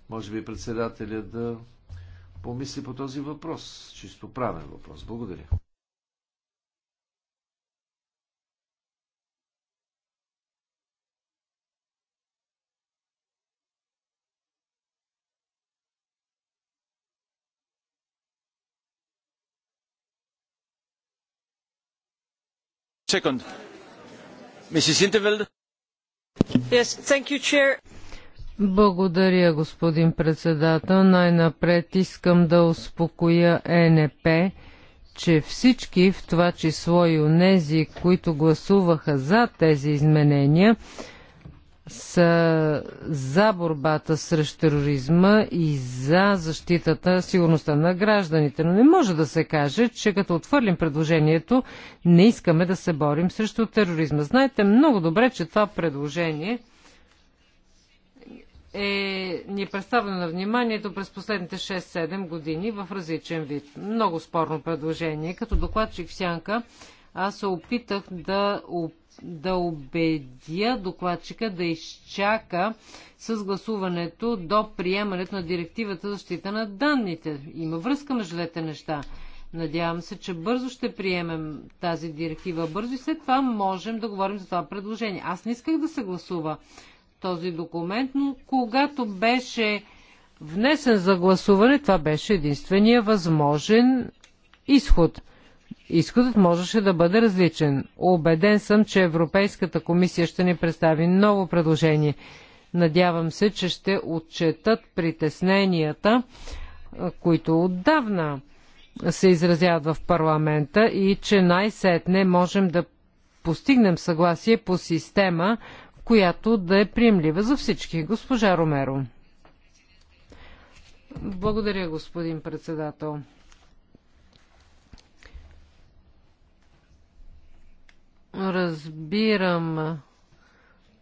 Може би председателя да помисли по този въпрос, чисто правен въпрос. Благодаря. Благодаря, господин председател. Най-напред искам да успокоя ЕНП, че всички, в това число и онези, които гласуваха за тези изменения, са за борбата срещу тероризма и за защитата сигурността на гражданите. Но не може да се каже, че като отвърлим предложението, не искаме да се борим срещу тероризма. Знаете много добре, че това предложение е, ни е представено на вниманието през последните 6-7 години в различен вид. Много спорно предложение. Като докладчик в Сянка, аз се опитах да опитам да убедя докладчика да изчака с гласуването до приемането на директивата за защита на данните. Има връзка между двете неща. Надявам се, че бързо ще приемем тази директива бързо и след това можем да говорим за това предложение. Аз не исках да се гласува този документ, но когато беше внесен за гласуване, това беше единствения възможен изход – изходът можеше да бъде различен. Обеден съм, че Европейската комисия ще ни представи ново предложение. Надявам се, че ще отчетат притесненията, които отдавна се изразяват в парламента и че най-сетне можем да постигнем съгласие по система, която да е приемлива за всички. Госпожа Ромеро. Благодаря, господин председател. Разбирам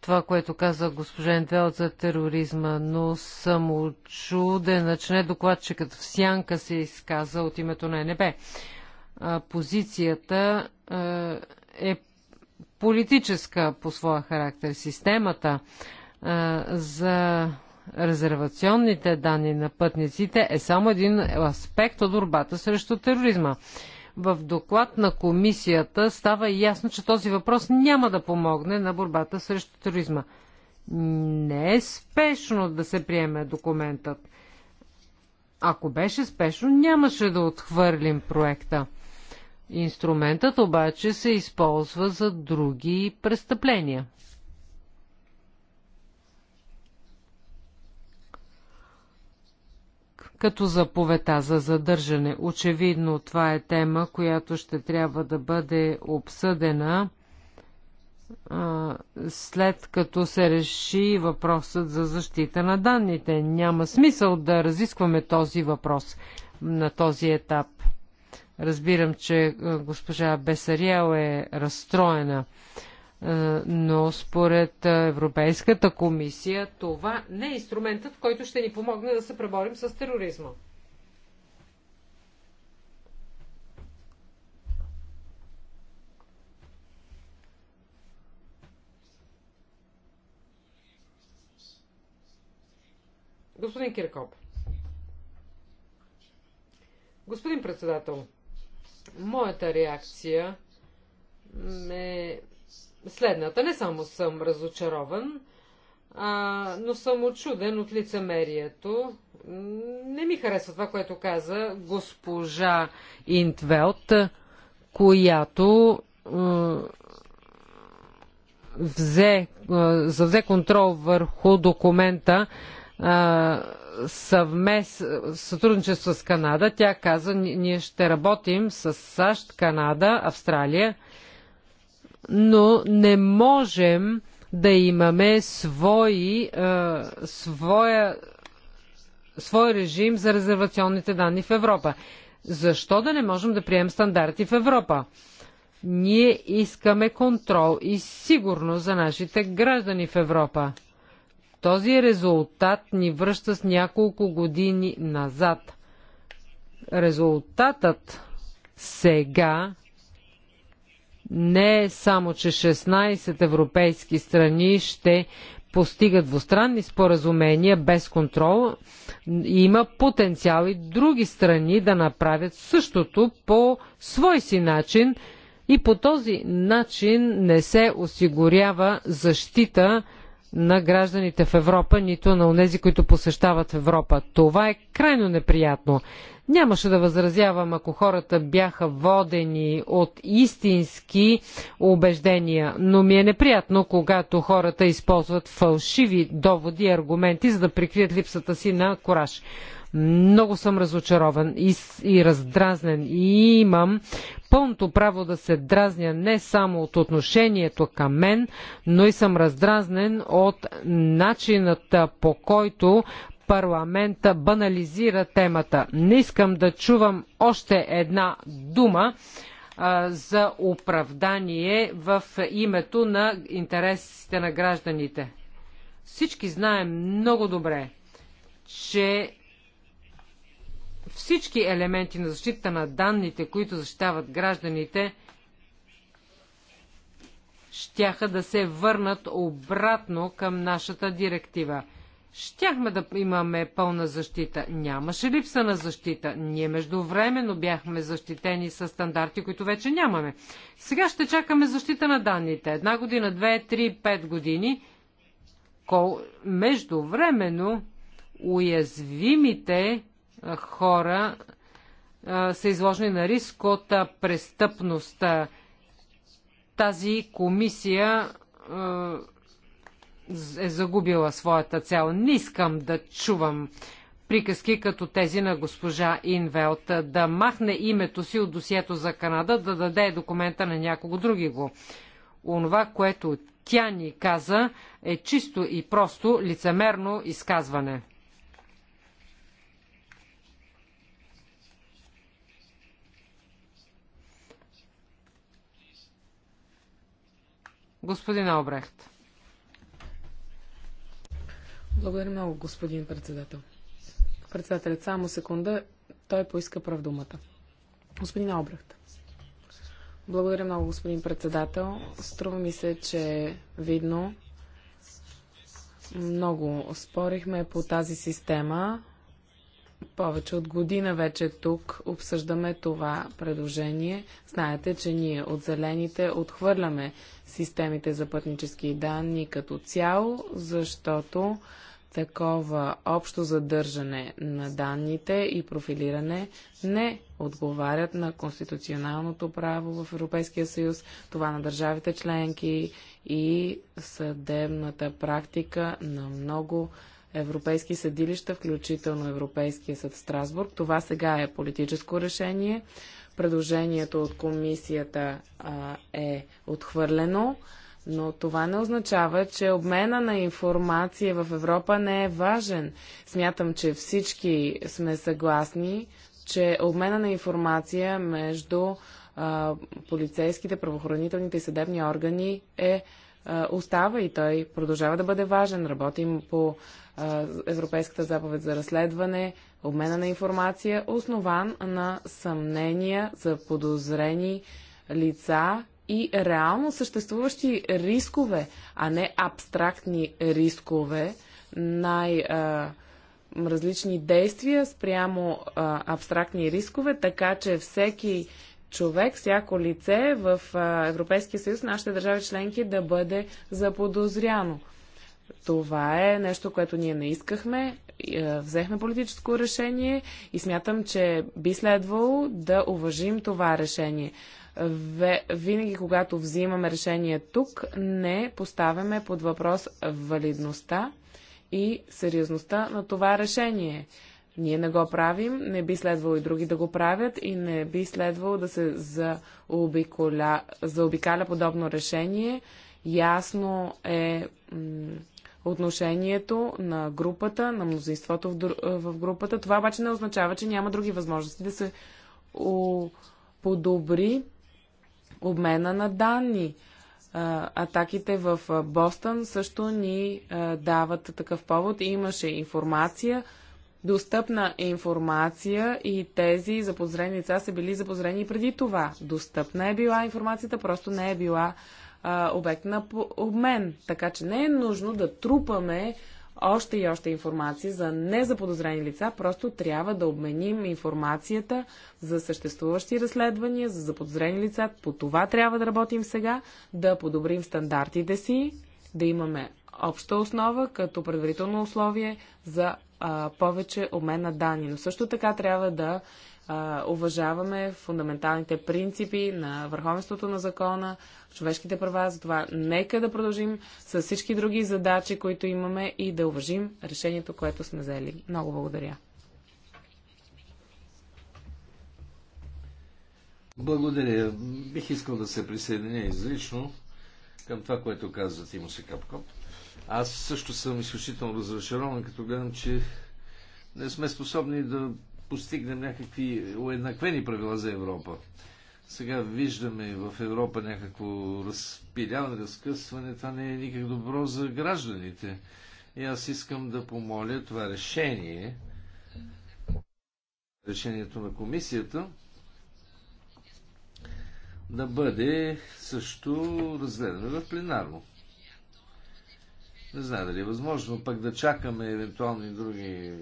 това, което каза госпожа Ентвел за тероризма, но съм очудена, че не докладчикът в сянка се е изказа от името на НБ. Позицията е политическа по своя характер. Системата за резервационните данни на пътниците е само един аспект от борбата срещу тероризма в доклад на комисията става ясно, че този въпрос няма да помогне на борбата срещу туризма. Не е спешно да се приеме документът. Ако беше спешно, нямаше да отхвърлим проекта. Инструментът обаче се използва за други престъпления. като заповета за задържане. Очевидно това е тема, която ще трябва да бъде обсъдена след като се реши въпросът за защита на данните. Няма смисъл да разискваме този въпрос на този етап. Разбирам, че госпожа Бесариел е разстроена. Е, но според е, Европейската комисия това не е инструментът, който ще ни помогне да се преборим с тероризма. Господин Киркоп. Господин председател, моята реакция ме следната. Не само съм разочарован, а, но съм очуден от лицемерието. Не ми харесва това, което каза госпожа Интвелт, която взе, завзе контрол върху документа а, съвмес, сътрудничество с Канада. Тя каза, ние ще работим с САЩ, Канада, Австралия но не можем да имаме свои, а, своя, свой режим за резервационните данни в Европа. Защо да не можем да приемем стандарти в Европа? Ние искаме контрол и сигурност за нашите граждани в Европа. Този резултат ни връща с няколко години назад. Резултатът сега не само, че 16 европейски страни ще постигат двустранни споразумения без контрол, има потенциал и други страни да направят същото по свой си начин и по този начин не се осигурява защита на гражданите в Европа, нито на онези, които посещават Европа. Това е крайно неприятно. Нямаше да възразявам, ако хората бяха водени от истински убеждения, но ми е неприятно, когато хората използват фалшиви доводи и аргументи, за да прикрият липсата си на кораж. Много съм разочарован и, и раздразнен и имам пълното право да се дразня не само от отношението към мен, но и съм раздразнен от начинът по който парламента банализира темата. Не искам да чувам още една дума а, за оправдание в името на интересите на гражданите. Всички знаем много добре, че всички елементи на защита на данните, които защитават гражданите, щяха да се върнат обратно към нашата директива. Щяхме да имаме пълна защита. Нямаше липса на защита. Ние междувременно бяхме защитени с стандарти, които вече нямаме. Сега ще чакаме защита на данните. Една година, две, три, пет години. Кол... Междувременно уязвимите хора са изложени на риск от престъпността. Тази комисия е загубила своята цел. Не искам да чувам приказки като тези на госпожа Инвелт да махне името си от досието за Канада, да даде документа на някого други го. Онова, което тя ни каза, е чисто и просто лицемерно изказване. Господин Обрехт. Благодаря много, господин председател. Председателят, само секунда, той поиска прав думата. Господин Обрехт. Благодаря много, господин председател. Струва ми се, че видно много спорихме по тази система повече от година вече тук обсъждаме това предложение. Знаете, че ние от зелените отхвърляме системите за пътнически данни като цяло, защото такова общо задържане на данните и профилиране не отговарят на конституционалното право в Европейския съюз, това на държавите членки и съдебната практика на много европейски съдилища, включително Европейския съд в Страсбург. Това сега е политическо решение. Предложението от комисията а, е отхвърлено, но това не означава, че обмена на информация в Европа не е важен. Смятам, че всички сме съгласни, че обмена на информация между а, полицейските, правоохранителните и съдебни органи е остава и той продължава да бъде важен. Работим по Европейската заповед за разследване, обмена на информация, основан на съмнения за подозрени лица и реално съществуващи рискове, а не абстрактни рискове, най- различни действия спрямо а, абстрактни рискове, така че всеки човек, всяко лице в Европейския съюз, нашите държави членки да бъде заподозряно. Това е нещо, което ние не искахме. Взехме политическо решение и смятам, че би следвало да уважим това решение. Винаги, когато взимаме решение тук, не поставяме под въпрос валидността и сериозността на това решение. Ние не го правим, не би следвало и други да го правят и не би следвало да се заобиколя, заобикаля подобно решение. Ясно е отношението на групата, на мнозинството в, в групата. Това обаче не означава, че няма други възможности да се подобри обмена на данни. Атаките в Бостън също ни дават такъв повод. Имаше информация достъпна информация и тези запозрени лица са били запозрени и преди това. Достъпна е била информацията, просто не е била а, обект на обмен. Така че не е нужно да трупаме още и още информация за незаподозрени лица, просто трябва да обменим информацията за съществуващи разследвания, за заподозрени лица. По това трябва да работим сега, да подобрим стандартите си, да имаме обща основа като предварително условие за а, повече обмен на данни. Но също така трябва да а, уважаваме фундаменталните принципи на върховенството на закона, човешките права. Затова нека да продължим с всички други задачи, които имаме и да уважим решението, което сме взели. Много благодаря. Благодаря. Бих искал да се присъединя излично към това, което каза Тимо Капко. Аз също съм изключително разрешарован, като гледам, че не сме способни да постигнем някакви уеднаквени правила за Европа. Сега виждаме в Европа някакво разпиляване, разкъсване. Това не е никак добро за гражданите. И аз искам да помоля това решение, решението на комисията, да бъде също разгледано в пленарно. Не знам дали е възможно, пък да чакаме евентуални други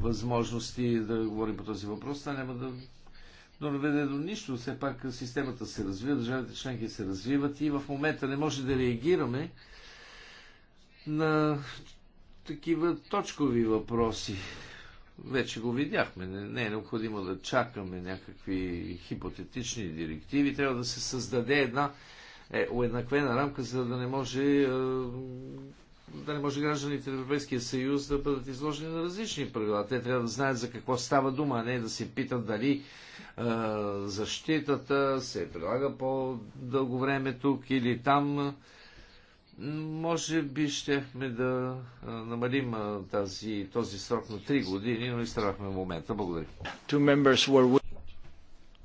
възможности да говорим по този въпрос, това няма да не веде до нищо. Все пак системата се развива, държавите членки се развиват и в момента не може да реагираме на такива точкови въпроси. Вече го видяхме. Не, не е необходимо да чакаме някакви хипотетични директиви. Трябва да се създаде една е уеднаквена рамка, за да не може е, да не може гражданите на Европейския съюз да бъдат изложени на различни правила. Те трябва да знаят за какво става дума, а не да се питат дали е, защитата се прилага по-дълго време тук или там. Може би щехме да е, намалим е, тази, този срок на 3 години, но изтравахме момента. Благодаря.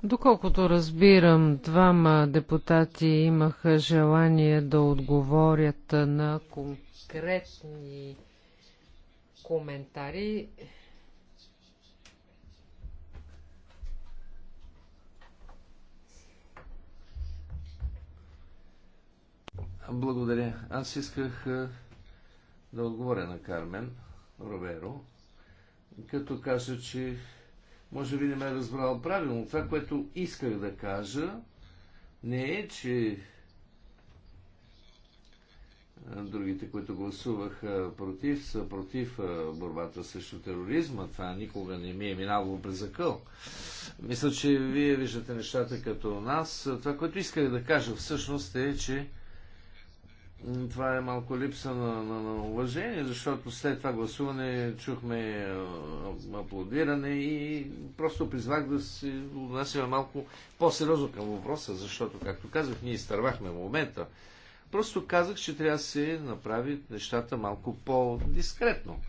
Доколкото разбирам, двама депутати имаха желание да отговорят на конкретни коментари. Благодаря. Аз исках да отговоря на Кармен Роверо, като кажа, че може би не ме е разбрал правилно. Това, което исках да кажа, не е, че другите, които гласуваха против, са против борбата срещу тероризма. Това никога не ми е минало през закъл. Мисля, че вие виждате нещата като нас. Това, което исках да кажа всъщност е, че това е малко липса на, на, на уважение, защото след това гласуване чухме е, аплодиране и просто призвах да се отнасяме малко по-сериозно към въпроса, защото, както казах, ние изтървахме момента. Просто казах, че трябва да се направи нещата малко по-дискретно.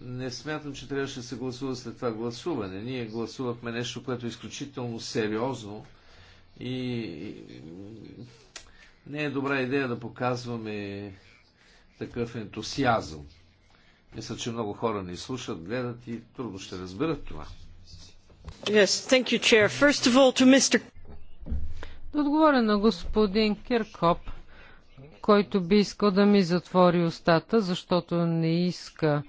Не смятам, че трябваше да се гласува след това гласуване. Ние гласувахме нещо, което е изключително сериозно и не е добра идея да показваме такъв ентусиазъм. Мисля, че много хора ни слушат, гледат и трудно ще разберат това. Yes, thank you, Chair. First of all, to Mr. Да отговоря на господин Киркоп, който би искал да ми затвори устата, защото не иска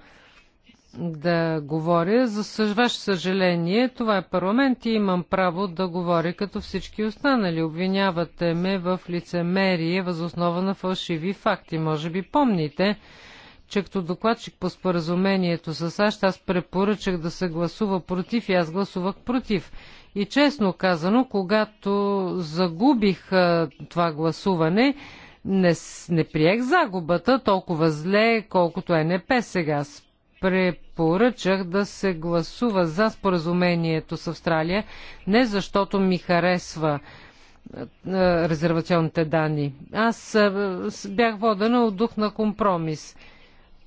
да говоря. За ваше съжаление, това е парламент и имам право да говоря като всички останали. Обвинявате ме в лицемерие, възоснова на фалшиви факти. Може би помните, че като докладчик по споразумението с САЩ аз препоръчах да се гласува против и аз гласувах против. И честно казано, когато загубих а, това гласуване, не, не приех загубата толкова зле, колкото е НП сега. Спре, препоръчах да се гласува за споразумението с Австралия, не защото ми харесва е, е, резервационните данни. Аз е, бях водена от дух на компромис.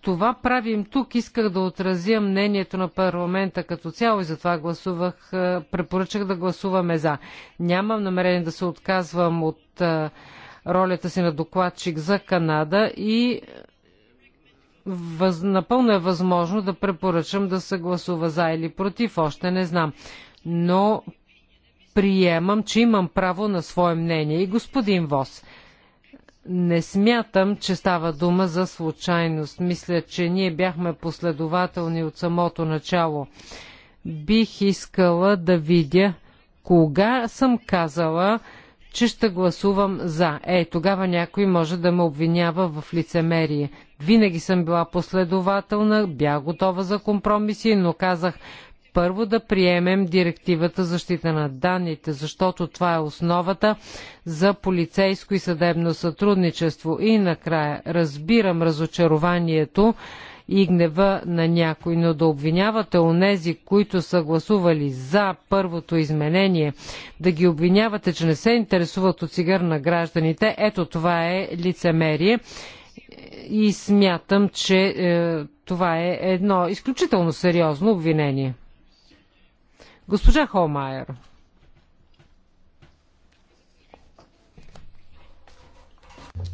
Това правим тук. Исках да отразя мнението на парламента като цяло и затова гласувах, препоръчах да гласуваме за. Нямам намерение да се отказвам от ролята си на докладчик за Канада и въз, напълно е възможно да препоръчам да се гласува за или против, още не знам. Но приемам, че имам право на свое мнение. И господин Вос, не смятам, че става дума за случайност. Мисля, че ние бяхме последователни от самото начало. Бих искала да видя кога съм казала, че ще гласувам за. Е, тогава някой може да ме обвинява в лицемерие. Винаги съм била последователна, бях готова за компромиси, но казах първо да приемем директивата защита на данните, защото това е основата за полицейско и съдебно сътрудничество. И накрая разбирам разочарованието и гнева на някой, но да обвинявате онези, които са гласували за първото изменение, да ги обвинявате, че не се интересуват от сигар на гражданите, ето това е лицемерие и смятам, че е, това е едно изключително сериозно обвинение. Госпожа Холмайер.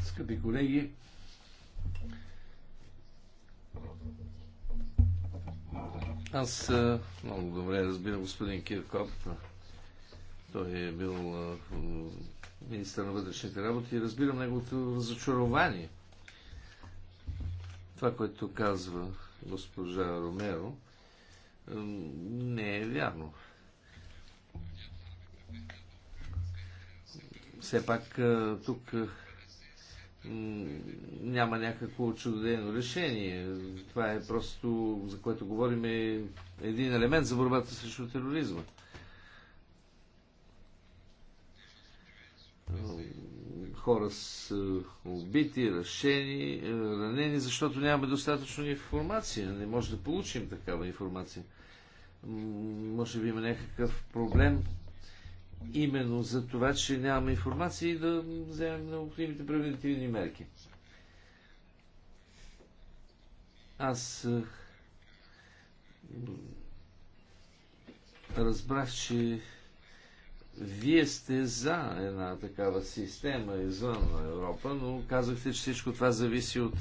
Скъпи колеги, аз е, много добре разбирам господин Киркоп. Той е бил е, министър на вътрешните работи и разбирам неговото разочарование това, което казва госпожа Ромеро, не е вярно. Все пак тук няма някакво чудодейно решение. Това е просто, за което говорим, е един елемент за борбата срещу тероризма хора са е, убити, решени, е, ранени, защото нямаме достатъчно информация. Не може да получим такава информация. Може би има някакъв проблем именно за това, че нямаме информация и да вземем необходимите превентивни мерки. Аз е, разбрах, че вие сте за една такава система извън Европа, но казахте, че всичко това зависи от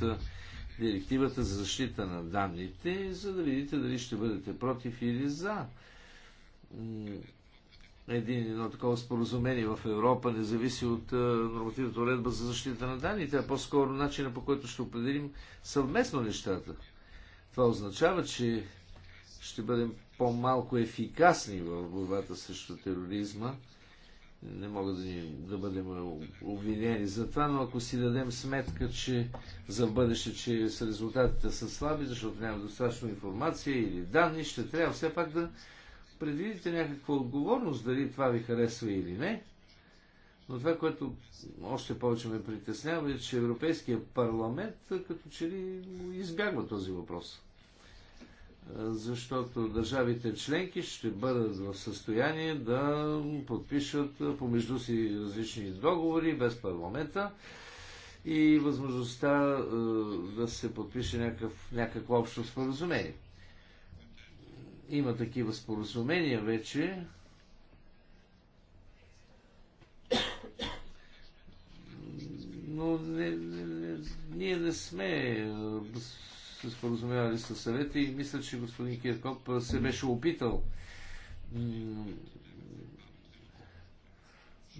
директивата за защита на данните, за да видите дали ще бъдете против или за един, едно такова споразумение в Европа не зависи от нормативната уредба за защита на данните, а по-скоро начина по който ще определим съвместно нещата. Това означава, че ще бъдем по-малко ефикасни в борбата срещу тероризма. Не мога да, ни, да бъдем обвинени за това, но ако си дадем сметка, че за бъдеще, че с резултатите са слаби, защото няма достатъчно информация или данни, ще трябва все пак да предвидите някаква отговорност, дали това ви харесва или не. Но това, което още повече ме притеснява е, че Европейския парламент като че ли избягва този въпрос защото държавите членки ще бъдат в състояние да подпишат помежду си различни договори без парламента и възможността е, да се подпише някакъв, някакво общо споразумение. Има такива споразумения вече. Но не, не, не, ние не сме е, се споразумявали с съвета и мисля, че господин Киркоп се беше опитал.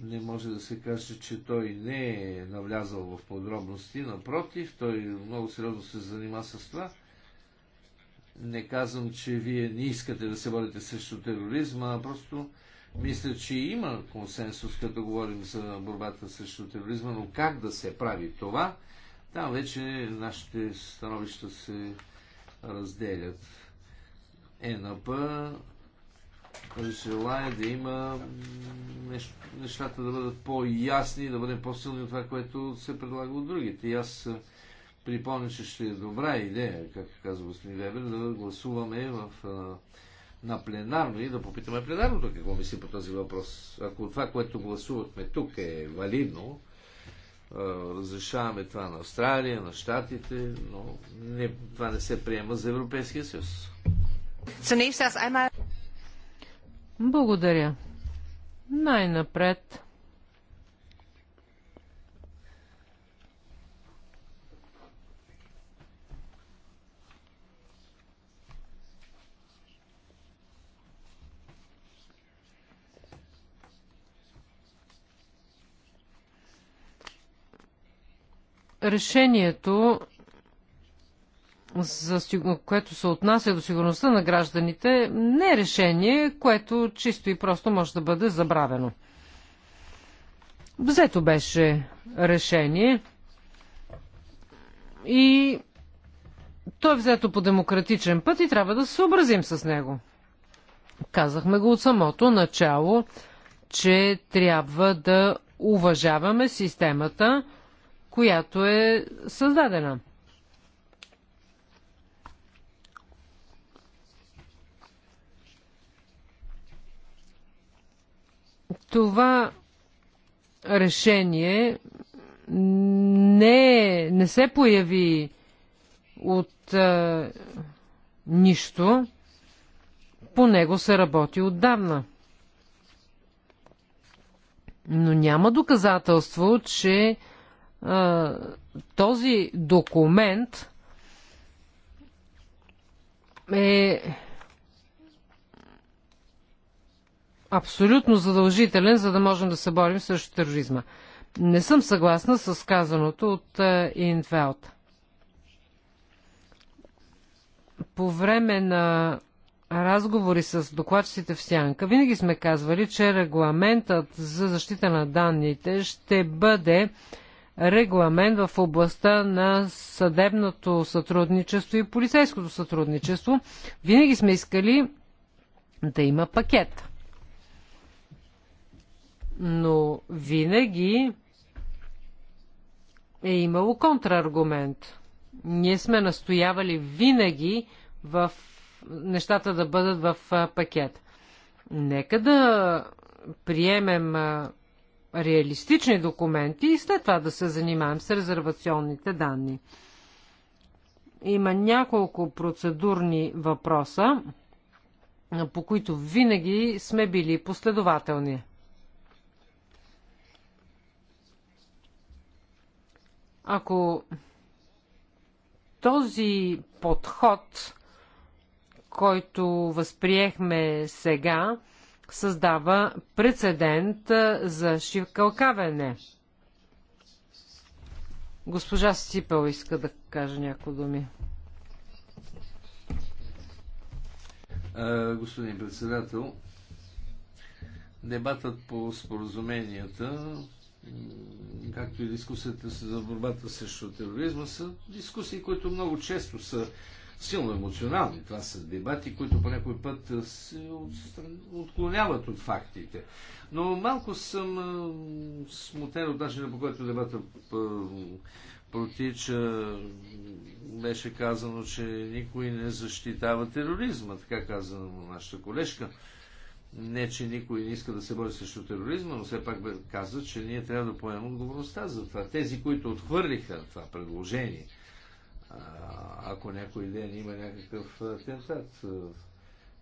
Не може да се каже, че той не е навлязал в подробности. Напротив, той много сериозно се занима с това. Не казвам, че вие не искате да се борите срещу тероризма, а просто мисля, че има консенсус, като говорим за борбата срещу тероризма, но как да се прави това – там вече нашите становища се разделят. Е ЕНАП желая да има нещата да бъдат по-ясни, да бъдем по-силни от това, което се предлага от другите. И аз припомня, че ще е добра идея, както казва господин Вебер, да гласуваме в, на пленарно и да попитаме пленарното какво мисли по този въпрос. Ако това, което гласувахме тук е валидно, разрешаваме това на Австралия, на Штатите, но не, това не се приема за Европейския съюз. Благодаря. Най-напред Решението, за, което се отнася до сигурността на гражданите, не е решение, което чисто и просто може да бъде забравено. Взето беше решение и то е взето по демократичен път и трябва да се съобразим с него. Казахме го от самото начало, че трябва да уважаваме системата, която е създадена. Това решение не, не се появи от а, е, нищо. По него се работи отдавна. Но няма доказателство, че този документ е абсолютно задължителен, за да можем да се борим срещу тероризма. Не съм съгласна с казаното от Инфелт. По време на разговори с докладчиците в Сянка винаги сме казвали, че регламентът за защита на данните ще бъде регламент в областта на съдебното сътрудничество и полицейското сътрудничество. Винаги сме искали да има пакет. Но винаги е имало контраргумент. Ние сме настоявали винаги в нещата да бъдат в пакет. Нека да приемем реалистични документи и след това да се занимаем с резервационните данни. Има няколко процедурни въпроса, по които винаги сме били последователни. Ако този подход, който възприехме сега, създава прецедент за шикалкавене. Госпожа Сипел иска да каже някои думи. господин председател, дебатът по споразуменията, както и дискусията за борбата срещу тероризма, са дискусии, които много често са силно емоционални. Това са дебати, които по някой път се отклоняват от фактите. Но малко съм смутен от начина по който дебата протича. Беше казано, че никой не защитава тероризма, така каза нашата колежка. Не, че никой не иска да се бори срещу тероризма, но все пак каза, че ние трябва да поемем отговорността за това. Тези, които отхвърлиха това предложение, ако някой ден има някакъв атентат.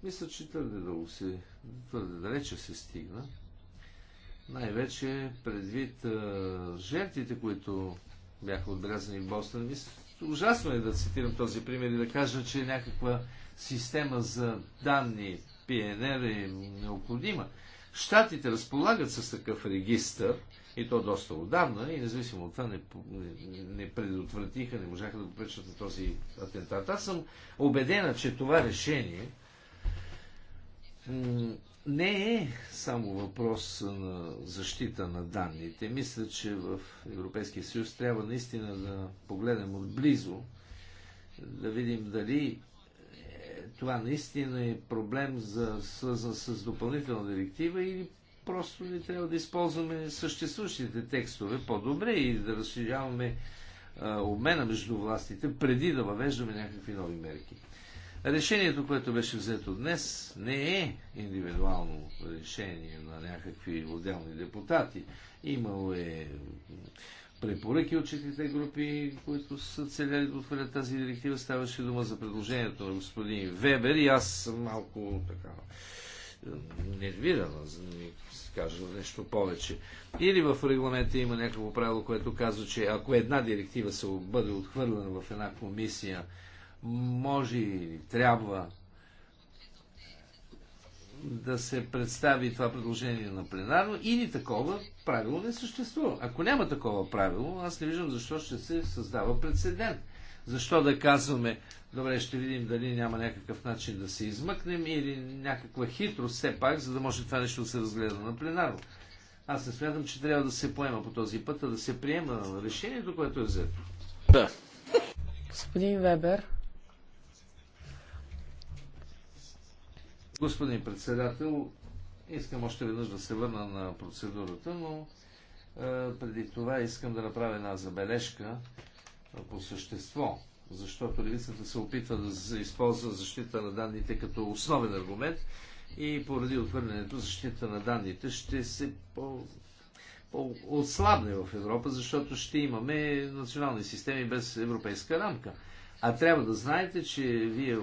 Мисля, че твърде дълго се, твърде далече се стигна. Най-вече предвид а, жертвите, които бяха отбелязани в Бостън. Мисля, ужасно е да цитирам този пример и да кажа, че някаква система за данни ПНР е необходима. Штатите разполагат с такъв регистр, и то доста отдавна, и независимо от това не, не, не предотвратиха, не можаха да попречат на този атентат. Аз съм убедена, че това решение не е само въпрос на защита на данните. Мисля, че в Европейския съюз трябва наистина да погледнем отблизо, да видим дали е, това наистина е проблем за, свързан с допълнителна директива или Просто ни трябва да използваме съществуващите текстове по-добре и да разширяваме обмена между властите, преди да въвеждаме някакви нови мерки. Решението, което беше взето днес, не е индивидуално решение на някакви отделни депутати. Имало е препоръки от четирите групи, които са целяли да отворят тази директива. Ставаше дума за предложението на господин Вебер и аз съм малко така нервирана кажа нещо повече. Или в регламента има някакво правило, което казва, че ако една директива се бъде отхвърлена в една комисия, може или трябва да се представи това предложение на пленарно или такова правило не съществува. Ако няма такова правило, аз не виждам защо ще се създава прецедент. Защо да казваме, добре, ще видим дали няма някакъв начин да се измъкнем или някаква хитрост все пак, за да може това нещо да се разгледа на пленарно. Аз не смятам, че трябва да се поема по този път, а да се приема решението, което е взето. Да. Господин Вебер. Господин председател, искам още веднъж да се върна на процедурата, но е, преди това искам да направя една забележка по същество, защото левицата се опитва да използва защита на данните като основен аргумент и поради отвърлянето защита на данните ще се по, отслабне в Европа, защото ще имаме национални системи без европейска рамка. А трябва да знаете, че вие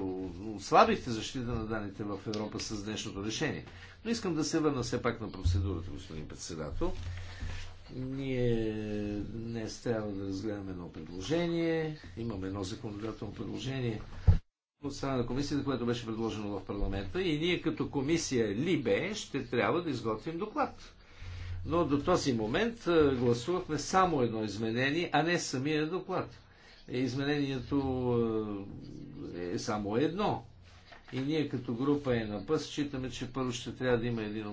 отслабихте защита на данните в Европа с днешното решение. Но искам да се върна все пак на процедурата, господин председател. Ние днес трябва да разгледаме едно предложение. Имаме едно законодателно предложение от страна на комисията, което беше предложено в парламента. И ние като комисия Либе ще трябва да изготвим доклад. Но до този момент гласувахме само едно изменение, а не самия доклад. Е, изменението е само едно. И ние като група е на пъс считаме, че първо ще трябва да има един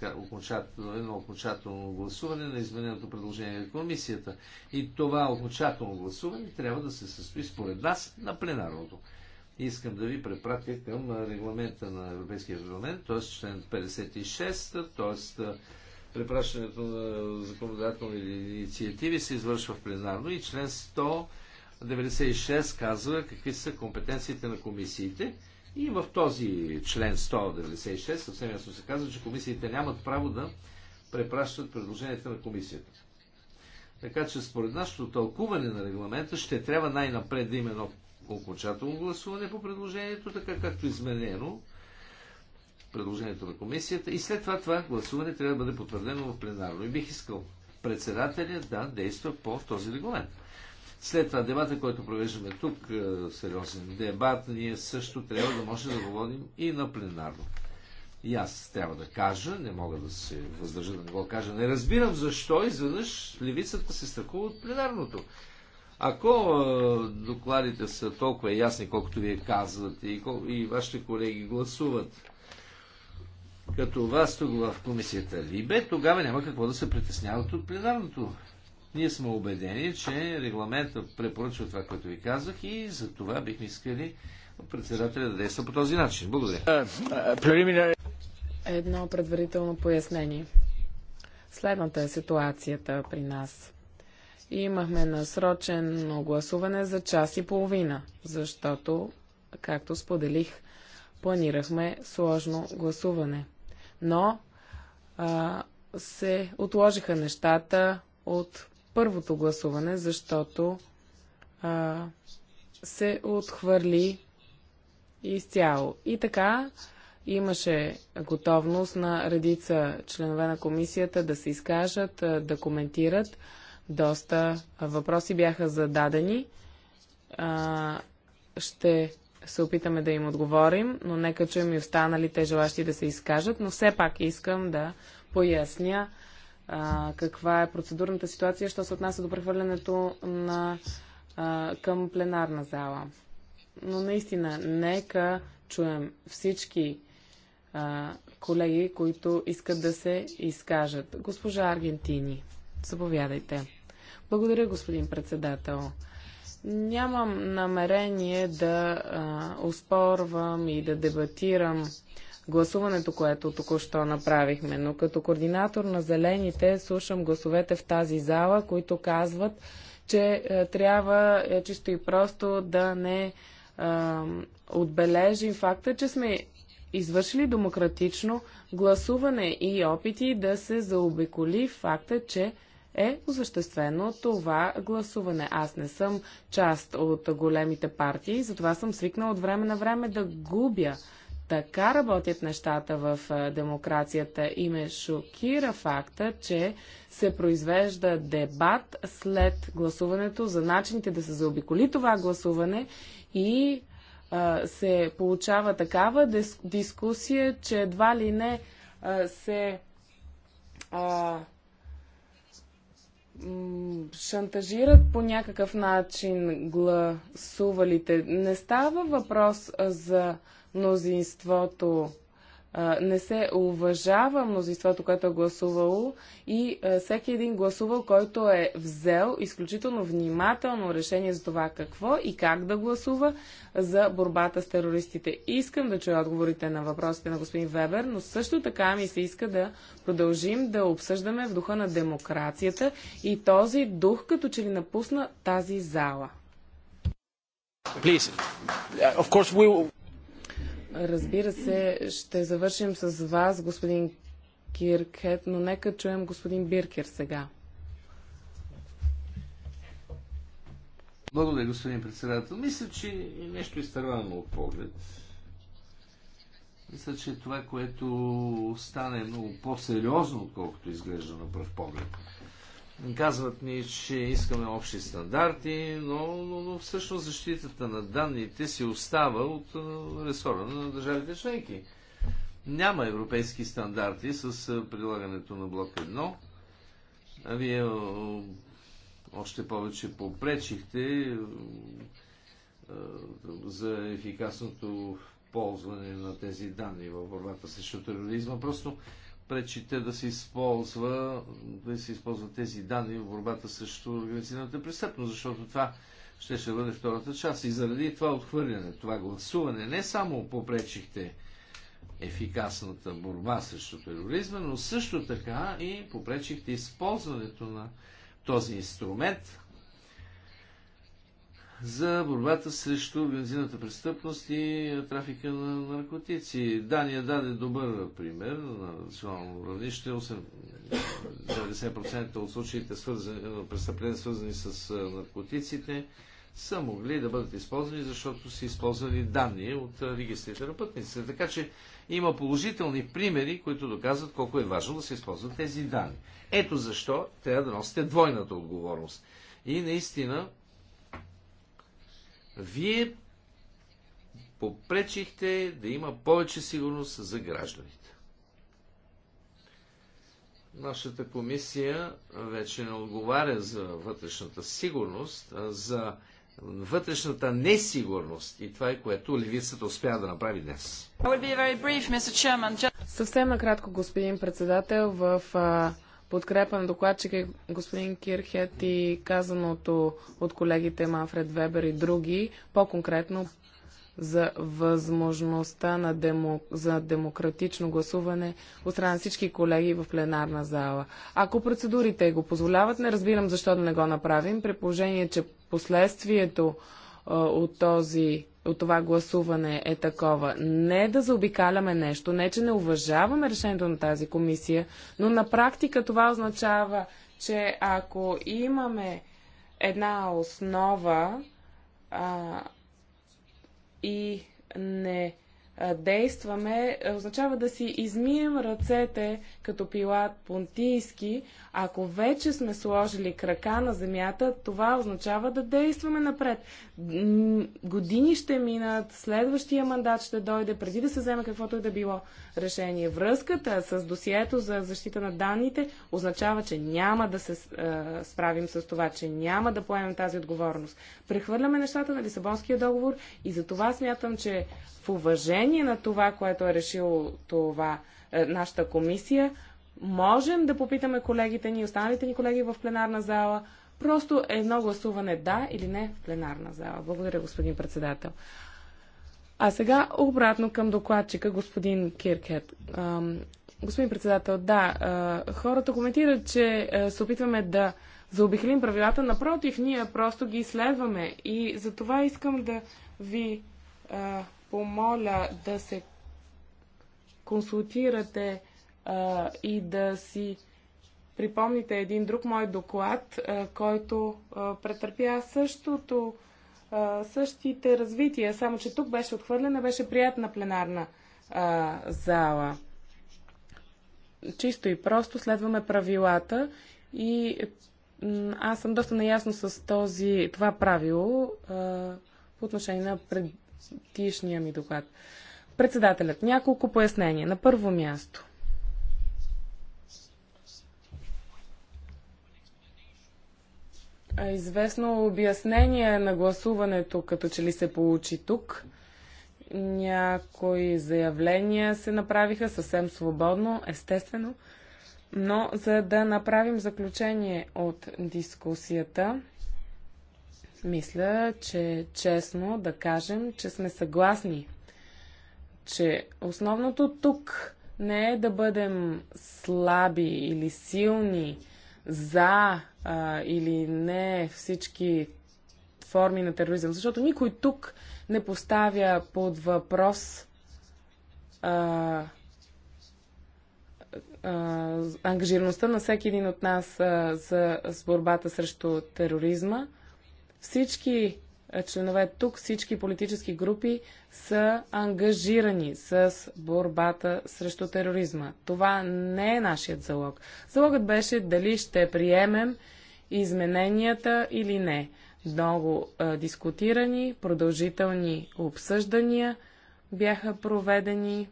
така, окончателно, едно окончателно гласуване на измененото предложение на комисията. И това окончателно гласуване трябва да се състои според нас на пленарното. Искам да ви препратя към регламента на Европейския парламент, т.е. член 56, т.е. препращането на законодателни инициативи се извършва в пленарно и член 196 казва какви са компетенциите на комисиите и в този член 196 съвсем ясно се казва, че комисиите нямат право да препращат предложенията на комисията. Така че според нашето тълкуване на регламента ще трябва най-напред да има едно окончателно гласуване по предложението, така както е изменено предложението на комисията и след това това гласуване трябва да бъде потвърдено в пленарно. И бих искал председателя да действа по този регламент. След това дебата, който провеждаме тук, е, сериозен дебат, ние също трябва да можем да говорим и на пленарно. И аз трябва да кажа, не мога да се въздържа да не го кажа, не разбирам защо изведнъж левицата се страхува от пленарното. Ако е, докладите са толкова ясни, колкото вие казвате и, кол... и вашите колеги гласуват като вас тук в комисията Либе, тогава няма какво да се притесняват от пленарното. Ние сме убедени, че регламента препоръчва това, което ви казах и за това бихме искали председателя да действа по този начин. Благодаря. Е, е, Едно предварително пояснение. Следната е ситуацията при нас. имахме насрочено гласуване за час и половина, защото, както споделих, планирахме сложно гласуване. Но а, се отложиха нещата от първото гласуване, защото а, се отхвърли изцяло. И така имаше готовност на редица членове на комисията да се изкажат, да коментират. Доста въпроси бяха зададени. А, ще се опитаме да им отговорим, но нека чуем и останалите желащи да се изкажат, но все пак искам да поясня а, каква е процедурната ситуация, що се отнася до прехвърлянето на, а, към пленарна зала. Но наистина, нека чуем всички а, колеги, които искат да се изкажат. Госпожа Аргентини, заповядайте. Благодаря, господин председател. Нямам намерение да а, оспорвам и да дебатирам гласуването, което току-що направихме. Но като координатор на зелените слушам гласовете в тази зала, които казват, че е, трябва е, чисто и просто да не е, отбележим факта, че сме извършили демократично гласуване и опити да се заобиколи факта, че е осъществено това гласуване. Аз не съм част от големите партии, затова съм свикнал от време на време да губя така работят нещата в демокрацията и ме шокира факта, че се произвежда дебат след гласуването за начините да се заобиколи това гласуване и а, се получава такава дис дискусия, че едва ли не а, се а, шантажират по някакъв начин гласувалите. Не става въпрос за мнозинството не се уважава мнозинството, което е гласувало и всеки един гласувал, който е взел изключително внимателно решение за това какво и как да гласува за борбата с терористите. Искам да чуя отговорите на въпросите на господин Вебер, но също така ми се иска да продължим да обсъждаме в духа на демокрацията и този дух като че ли напусна тази зала. Please. Of course we Разбира се, ще завършим с вас, господин Киркет, но нека чуем господин Биркер сега. Благодаря, господин председател. Мисля, че нещо изтървано от поглед. Мисля, че това, което стане е много по-сериозно, отколкото изглежда на пръв поглед. Казват ни, че искаме общи стандарти, но, но, но всъщност защитата на данните си остава от ресора на държавите членки. Няма европейски стандарти с прилагането на блок 1. А вие още повече попречихте за ефикасното ползване на тези данни в борбата срещу тероризма. Просто пречите да се използва, да се използват тези данни в борбата срещу организираната престъпност, защото това ще ще бъде втората част. И заради това отхвърляне, това гласуване, не само попречихте ефикасната борба срещу тероризма, но също така и попречихте използването на този инструмент за борбата срещу бензината престъпност и трафика на наркотици. Дания даде добър пример на национално равнище. 90% от случаите на престъпления, свързани с наркотиците, са могли да бъдат използвани, защото са използвали данни от регистрите на пътниците. Така че има положителни примери, които доказват колко е важно да се използват тези данни. Ето защо трябва да носите двойната отговорност. И наистина вие попречихте да има повече сигурност за гражданите. Нашата комисия вече не отговаря за вътрешната сигурност, а за вътрешната несигурност и това е което левицата успя да направи днес. Съвсем накратко, господин председател, в подкрепа на докладчика господин Кирхет и казаното от колегите Манфред Вебер и други, по-конкретно за възможността на демо, за демократично гласуване от страна на всички колеги в пленарна зала. Ако процедурите го позволяват, не разбирам защо да не го направим, при положение, че последствието от този от това гласуване е такова. Не е да заобикаляме нещо, не е, че не уважаваме решението на тази комисия, но на практика това означава, че ако имаме една основа а, и не действаме, означава да си измием ръцете като Пилат Понтийски. Ако вече сме сложили крака на земята, това означава да действаме напред. Години ще минат, следващия мандат ще дойде, преди да се вземе каквото и е да било решение. Връзката с досието за защита на данните означава, че няма да се справим с това, че няма да поемем тази отговорност. Прехвърляме нещата на Лисабонския договор и за това смятам, че в уважение изпълнение на това, което е решило това е, нашата комисия, можем да попитаме колегите ни, останалите ни колеги в пленарна зала, просто едно гласуване да или не в пленарна зала. Благодаря, господин председател. А сега обратно към докладчика, господин Киркет. Господин председател, да, хората коментират, че се опитваме да заобихлим правилата. Напротив, ние просто ги изследваме. И за това искам да ви помоля да се консултирате а, и да си припомните един друг мой доклад, а, който а, претърпя същото, а, същите развития, само че тук беше отхвърлена, беше приятна пленарна а, зала. Чисто и просто следваме правилата и аз съм доста наясно с този, това правило а, по отношение на пред, Тишния ми доклад. Председателят, няколко пояснения. На първо място. Известно обяснение на гласуването, като че ли се получи тук. Някои заявления се направиха съвсем свободно, естествено. Но за да направим заключение от дискусията, мисля, че е честно да кажем, че сме съгласни, че основното тук не е да бъдем слаби или силни за а, или не всички форми на тероризъм, защото никой тук не поставя под въпрос а, а, ангажираността на всеки един от нас а, за, с борбата срещу тероризма. Всички е, членове тук, всички политически групи са ангажирани с борбата срещу тероризма. Това не е нашият залог. Залогът беше дали ще приемем измененията или не. Много а, е, дискутирани, продължителни обсъждания бяха проведени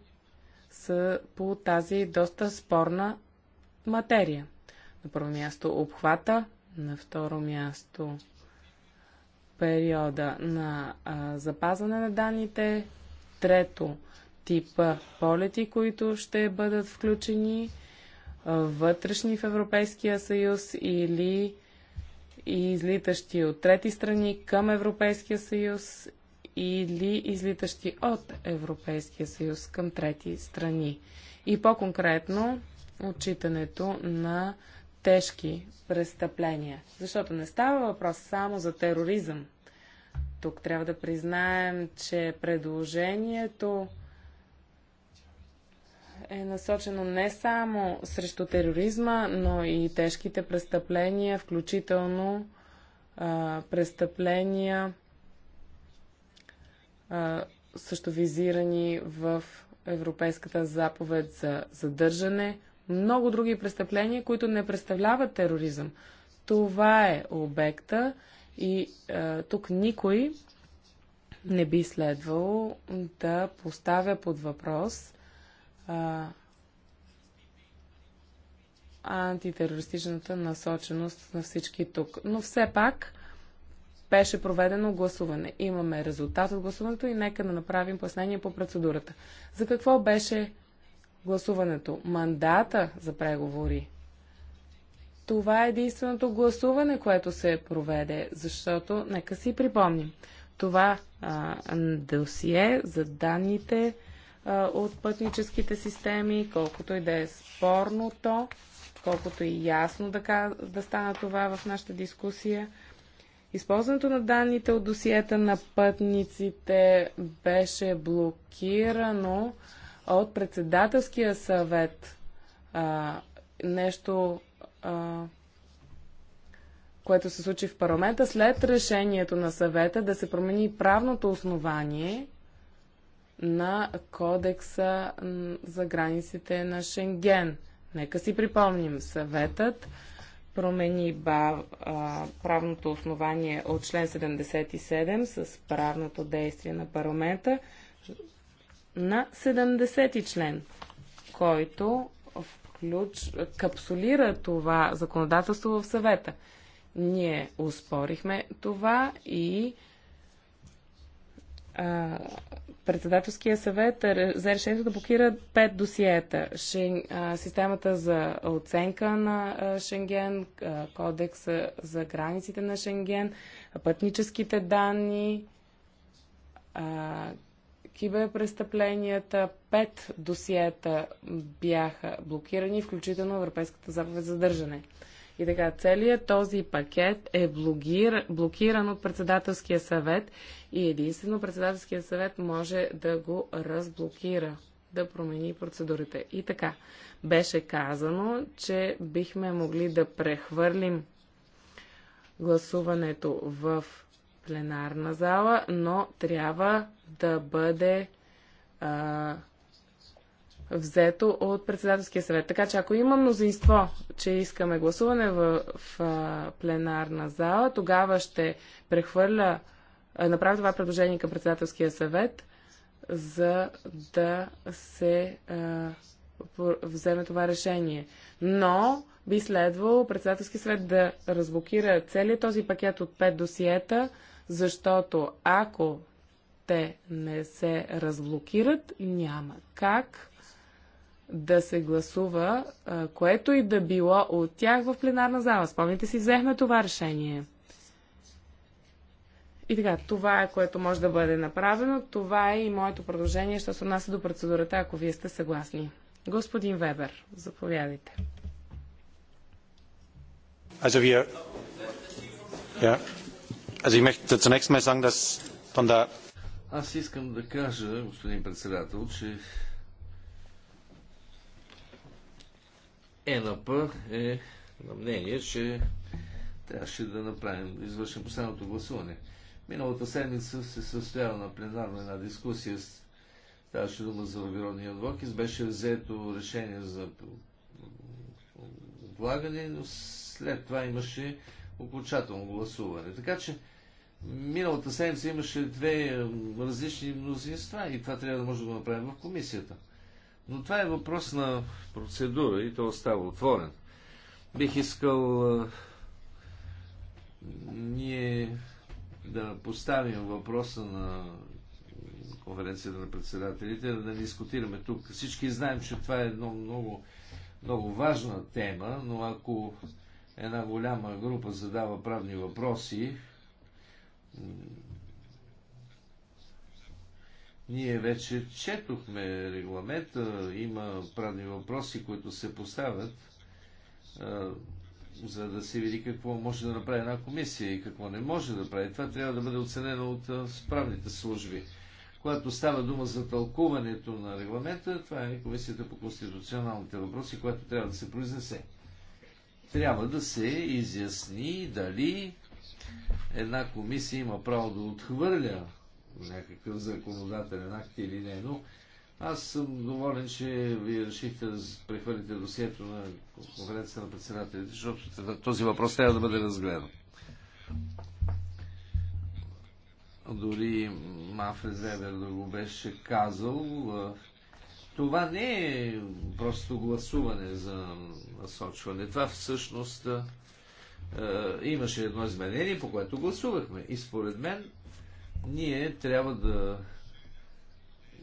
с, по тази доста спорна материя. На първо място обхвата, на второ място периода на а, запазване на данните, трето типа полети, които ще бъдат включени а, вътрешни в Европейския съюз или излитащи от трети страни към Европейския съюз или излитащи от Европейския съюз към трети страни. И по-конкретно отчитането на тежки престъпления. Защото не става въпрос само за тероризъм. Тук трябва да признаем, че предложението е насочено не само срещу тероризма, но и тежките престъпления, включително а, престъпления, а, също визирани в Европейската заповед за задържане, много други престъпления, които не представляват тероризъм. Това е обекта и е, тук никой не би следвало да поставя под въпрос е, антитерористичната насоченост на всички тук. Но все пак беше проведено гласуване. Имаме резултат от гласуването и нека да направим пояснение по процедурата. За какво беше гласуването. Мандата за преговори. Това е единственото гласуване, което се проведе, защото, нека си припомним, това а, досие за данните а, от пътническите системи, колкото и да е спорно то, колкото и ясно да, да стана това в нашата дискусия, Използването на данните от досиета на пътниците беше блокирано от председателския съвет а, нещо, а, което се случи в парламента, след решението на съвета да се промени правното основание на кодекса за границите на Шенген. Нека си припомним, съветът промени бав, а, правното основание от член 77 с правното действие на парламента на 70 член, който включ, капсулира това законодателство в съвета. Ние успорихме това и а, председателския съвет е за решението да блокира пет досиета. Шен, а, системата за оценка на а, Шенген, а, кодекса за границите на Шенген, пътническите данни, киберпрестъпленията. Пет досиета бяха блокирани, включително Европейската заповед за държане. И така, целият този пакет е блокир, блокиран от председателския съвет и единствено председателския съвет може да го разблокира, да промени процедурите. И така, беше казано, че бихме могли да прехвърлим гласуването в пленарна зала, но трябва да бъде а, взето от председателския съвет. Така че ако има мнозинство, че искаме гласуване в, в а, пленарна зала, тогава ще прехвърля, а, направя това предложение към председателския съвет, за да се а, вземе това решение. Но би следвало председателски съвет да разблокира целият този пакет от 5 досиета, защото ако те не се разблокират, няма как да се гласува, което и да било от тях в пленарна зала. Спомните си, взехме това решение. И така, това е което може да бъде направено. Това е и моето предложение, що се отнася до процедурата, ако вие сте съгласни. Господин Вебер, заповядайте. Also вие ja, аз искам да кажа, господин председател, че ЕНАП е на мнение, че трябваше да направим, да извършим последното гласуване. Миналата седмица се състоява на пленарна една дискусия с Ставаше дума за въглеродния адвокис. Беше взето решение за влагане, но след това имаше окончателно гласуване. Така че Миналата седмица имаше две различни мнозинства и това трябва да може да го направим в комисията. Но това е въпрос на процедура и то остава отворен. Бих искал ние да поставим въпроса на конференцията на председателите, да не дискутираме тук. Всички знаем, че това е едно много, много важна тема, но ако една голяма група задава правни въпроси, ние вече четохме регламента, има правни въпроси, които се поставят, за да се види какво може да направи една комисия и какво не може да прави. Това трябва да бъде оценено от справните служби. Когато става дума за тълкуването на регламента, това е комисията по конституционалните въпроси, която трябва да се произнесе. Трябва да се изясни дали една комисия има право да отхвърля някакъв законодателен акт или не, но аз съм доволен, че вие решихте да прехвърлите досието на конференцията на председателите, защото този въпрос трябва да бъде разгледан. Дори Мафре Зебер да го беше казал, това не е просто гласуване за насочване. Това всъщност е, имаше едно изменение, по което гласувахме. И според мен ние трябва да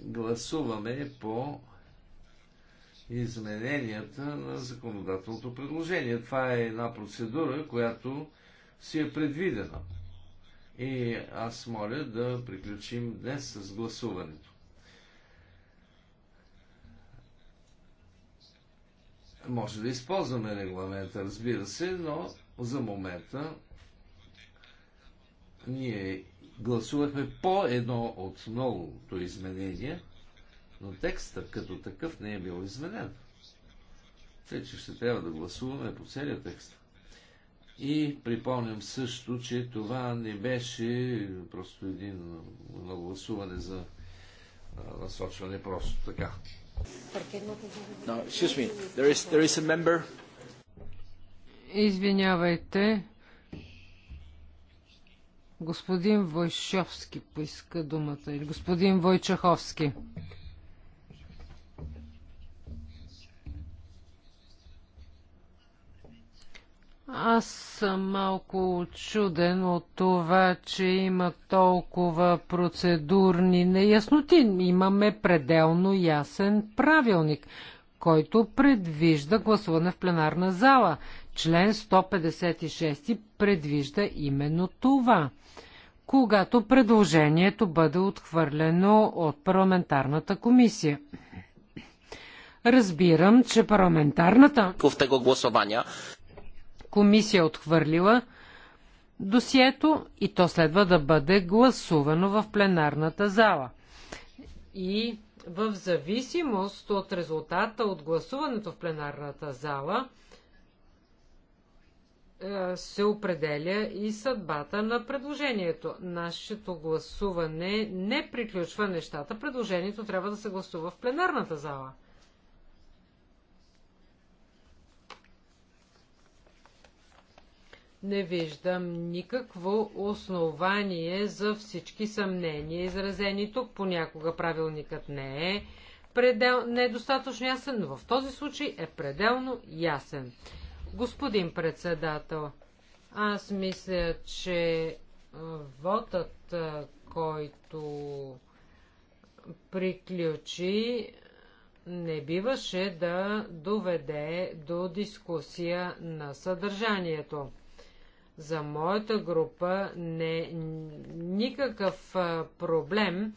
гласуваме по измененията на законодателното предложение. Това е една процедура, която си е предвидена. И аз моля да приключим днес с гласуването. Може да използваме регламента, разбира се, но за момента ние гласувахме по едно от многото изменение, но текстът като такъв не е бил изменен. Тъй, че ще трябва да гласуваме по целия текст. И припомням също, че това не беше просто един едно гласуване за насочване просто така. No, excuse me. There is, there is a member Извинявайте. Господин Войшовски поиска думата. Или господин Войчаховски. Аз съм малко чуден от това, че има толкова процедурни неясноти. Имаме пределно ясен правилник, който предвижда гласуване в пленарна зала. Член 156 предвижда именно това, когато предложението бъде отхвърлено от парламентарната комисия. Разбирам, че парламентарната комисия е отхвърлила досието и то следва да бъде гласувано в пленарната зала. И в зависимост от резултата от гласуването в пленарната зала, е, се определя и съдбата на предложението. Нашето гласуване не приключва нещата. Предложението трябва да се гласува в пленарната зала. Не виждам никакво основание за всички съмнения, изразени тук. Понякога правилникът не е, предел... не е достатъчно ясен, но в този случай е пределно ясен. Господин председател, аз мисля, че Вотът, който приключи, не биваше да доведе до дискусия на съдържанието. За моята група не никакъв проблем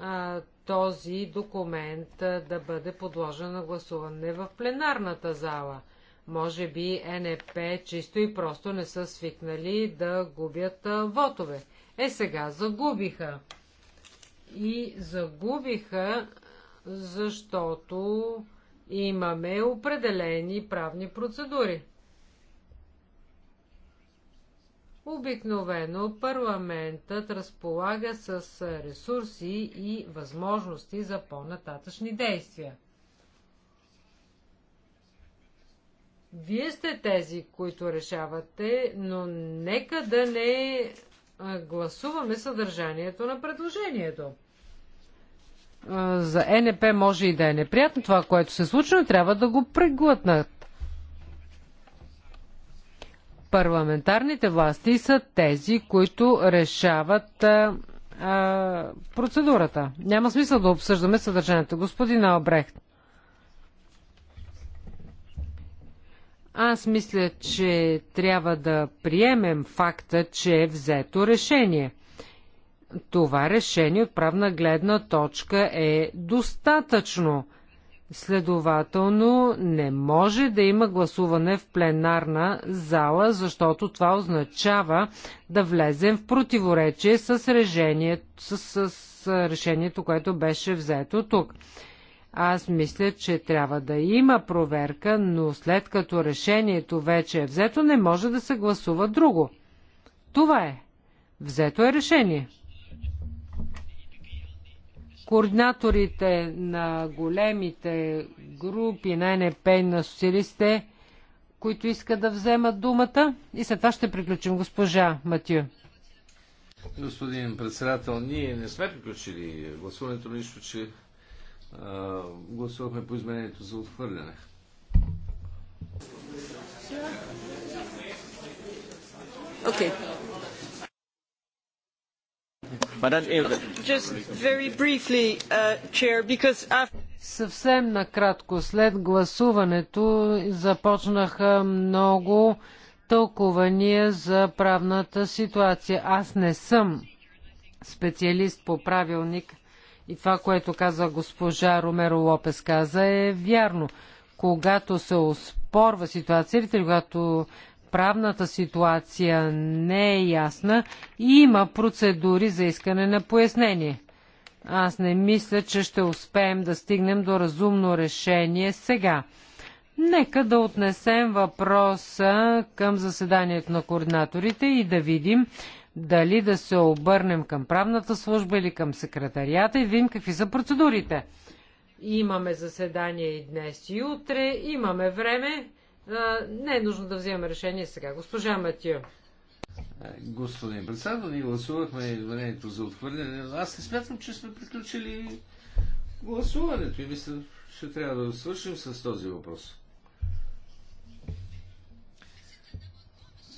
а, този документ да бъде подложен на гласуване в пленарната зала – може би НП чисто и просто не са свикнали да губят вотове. Е, сега загубиха. И загубиха, защото имаме определени правни процедури. Обикновено парламентът разполага с ресурси и възможности за по-нататъчни действия. Вие сте тези, които решавате, но нека да не гласуваме съдържанието на предложението. За НП може и да е неприятно това, което се случва, трябва да го преглътнат. Парламентарните власти са тези, които решават а, процедурата. Няма смисъл да обсъждаме съдържанието. Господин Албрехт, Аз мисля, че трябва да приемем факта, че е взето решение. Това решение от правна гледна точка е достатъчно. Следователно, не може да има гласуване в пленарна зала, защото това означава да влезем в противоречие с, решение, с, с решението, което беше взето тук. Аз мисля, че трябва да има проверка, но след като решението вече е взето, не може да се гласува друго. Това е. Взето е решение. Координаторите на големите групи на НП и на социалистите, които искат да вземат думата. И след това ще приключим госпожа Матю. Господин председател, ние не сме приключили гласуването, нищо, че гласувахме по изменението за отхвърляне. Okay. Eh, uh, Съвсем накратко, след гласуването започнаха много тълкования за правната ситуация. Аз не съм специалист по правилник и това, което каза госпожа Ромеро Лопес, каза е вярно. Когато се оспорва ситуацията или когато правната ситуация не е ясна, има процедури за искане на пояснение. Аз не мисля, че ще успеем да стигнем до разумно решение сега. Нека да отнесем въпроса към заседанието на координаторите и да видим дали да се обърнем към правната служба или към секретарията и видим какви са процедурите. Имаме заседание и днес и утре, имаме време. Не е нужно да вземем решение сега. Госпожа Матио. Господин председател, ние гласувахме изменението за отхвърляне. Аз не смятам, че сме приключили гласуването и мисля, ще трябва да свършим с този въпрос.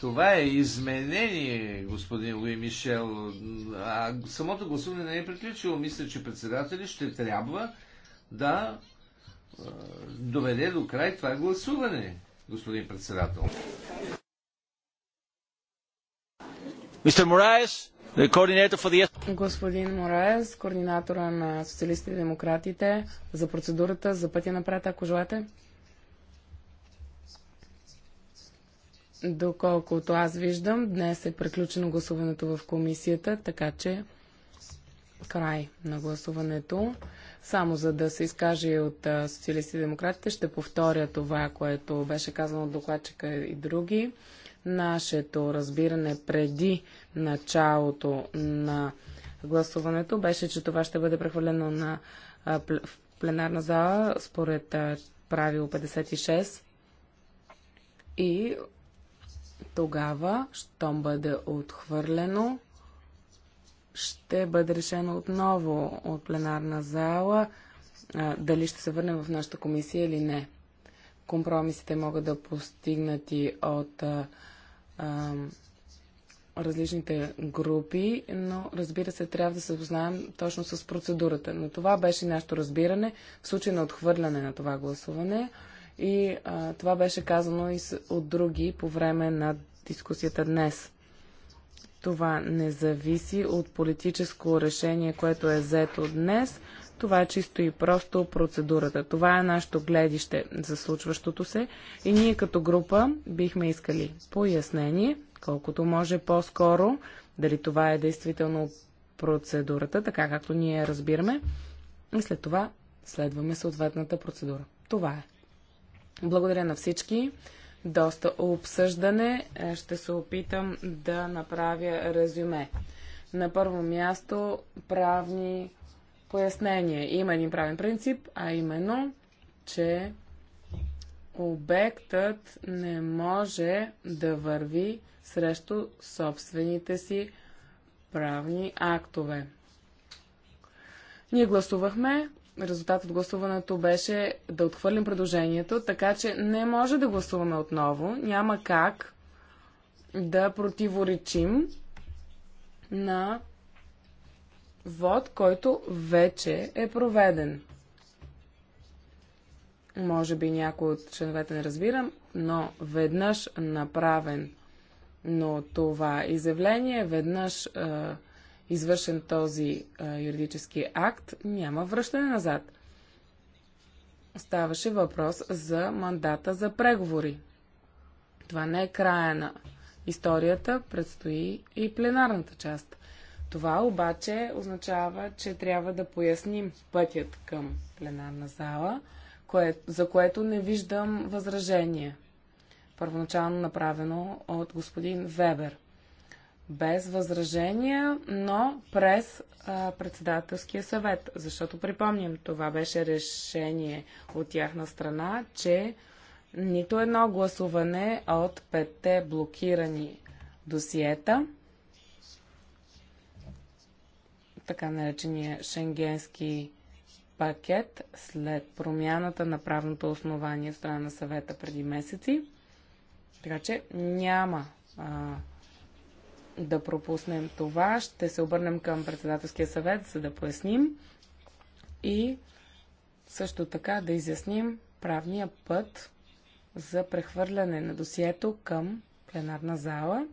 Това е изменение, господин Луи Мишел. А самото гласуване не е приключило. Мисля, че председателят ще трябва да доведе до край това гласуване, господин председател. Мистер Мораес, Господин Мораес, координатора на социалистите и демократите, за процедурата, за пътя напред, ако желаете. Доколкото аз виждам, днес е приключено гласуването в комисията, така че край на гласуването. Само за да се изкаже от социалисти и демократите, ще повторя това, което беше казано от докладчика и други. Нашето разбиране преди началото на гласуването беше, че това ще бъде прехвърлено на в пленарна зала според правило 56 и тогава, щом бъде отхвърлено, ще бъде решено отново от пленарна зала а, дали ще се върнем в нашата комисия или не. Компромисите могат да постигнати от а, а, различните групи, но разбира се, трябва да се познаем точно с процедурата. Но това беше нашето разбиране в случай на отхвърляне на това гласуване. А, и а, това беше казано и от други по време на дискусията днес. Това не зависи от политическо решение, което е взето днес. Това е чисто и просто процедурата. Това е нашето гледище за случващото се и ние като група бихме искали пояснение, колкото може по-скоро, дали това е действително процедурата, така както ние разбираме. И след това следваме съответната процедура. Това е. Благодаря на всички. Доста обсъждане. Е, ще се опитам да направя резюме. На първо място правни пояснения. Има един правен принцип, а именно, че обектът не може да върви срещу собствените си правни актове. Ние гласувахме резултат от гласуването беше да отхвърлим предложението, така че не може да гласуваме отново. Няма как да противоречим на вод, който вече е проведен. Може би някой от членовете не разбирам, но веднъж направен но това изявление, веднъж е, извършен този а, юридически акт, няма връщане назад. Оставаше въпрос за мандата за преговори. Това не е края на историята, предстои и пленарната част. Това обаче означава, че трябва да поясним пътят към пленарна зала, кое, за което не виждам възражение. Първоначално направено от господин Вебер – без възражения, но през а, председателския съвет. Защото припомням, това беше решение от тяхна страна, че нито едно гласуване от петте блокирани досиета, така наречения шенгенски пакет след промяната на правното основание в страна на съвета преди месеци. Така че няма а, да пропуснем това. Ще се обърнем към председателския съвет, за да поясним и също така да изясним правния път за прехвърляне на досието към пленарна зала,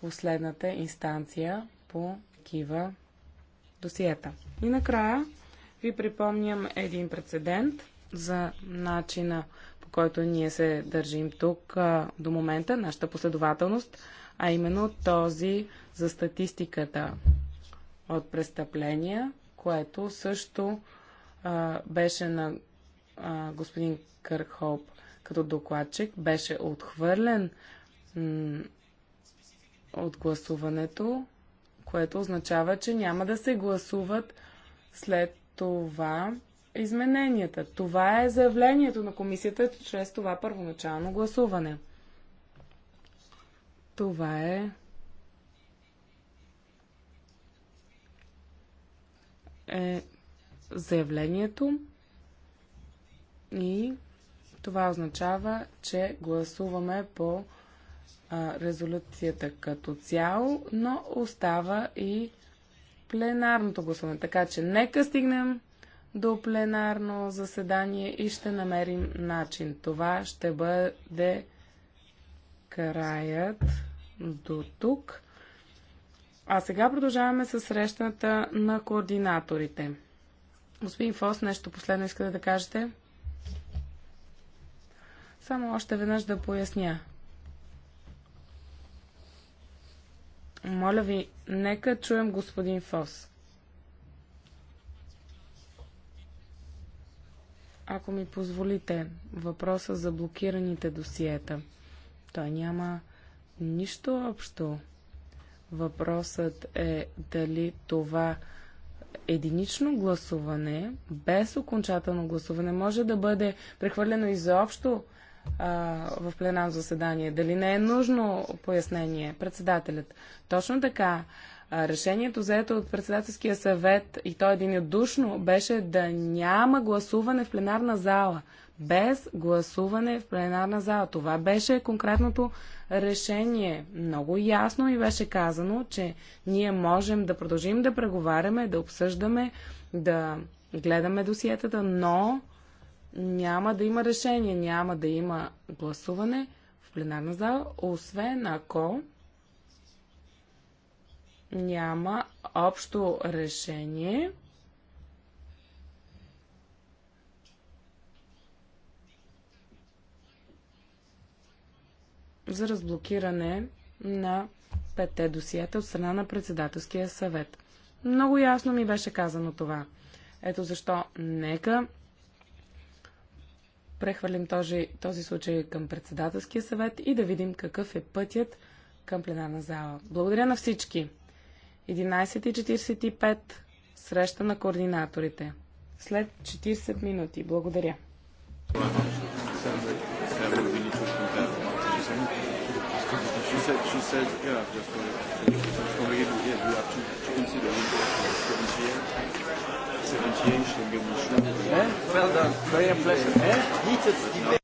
последната инстанция по такива досиета. И накрая ви припомням един прецедент за начина по който ние се държим тук до момента, нашата последователност а именно този за статистиката от престъпления, което също а, беше на а, господин Кърхоп като докладчик, беше отхвърлен от гласуването, което означава, че няма да се гласуват след това измененията. Това е заявлението на комисията чрез това първоначално гласуване. Това е е заявлението и това означава, че гласуваме по резолюцията като цяло, но остава и пленарното гласуване. Така че нека стигнем до пленарно заседание и ще намерим начин. Това ще бъде краят до тук. А сега продължаваме с срещата на координаторите. Господин Фос, нещо последно искате да кажете? Само още веднъж да поясня. Моля ви, нека чуем господин Фос. Ако ми позволите, въпроса за блокираните досиета. Той няма нищо общо. Въпросът е дали това единично гласуване, без окончателно гласуване, може да бъде прехвърлено изобщо а, в пленарно заседание. Дали не е нужно пояснение председателят? Точно така. Решението заето от председателския съвет и то единодушно беше да няма гласуване в пленарна зала без гласуване в пленарна зала. Това беше конкретното решение. Много ясно и беше казано, че ние можем да продължим да преговаряме, да обсъждаме, да гледаме досиетата, но няма да има решение, няма да има гласуване в пленарна зала, освен ако няма общо решение за разблокиране на петте досиета от страна на председателския съвет. Много ясно ми беше казано това. Ето защо нека прехвърлим този, този случай към председателския съвет и да видим какъв е пътят към пленарна зала. Благодаря на всички. 11.45 среща на координаторите. След 40 минути. Благодаря. she says, yeah, just for, probably yeah, you have to, to consider it 78, 78, Well done, very impressive. Eh? Heated debate.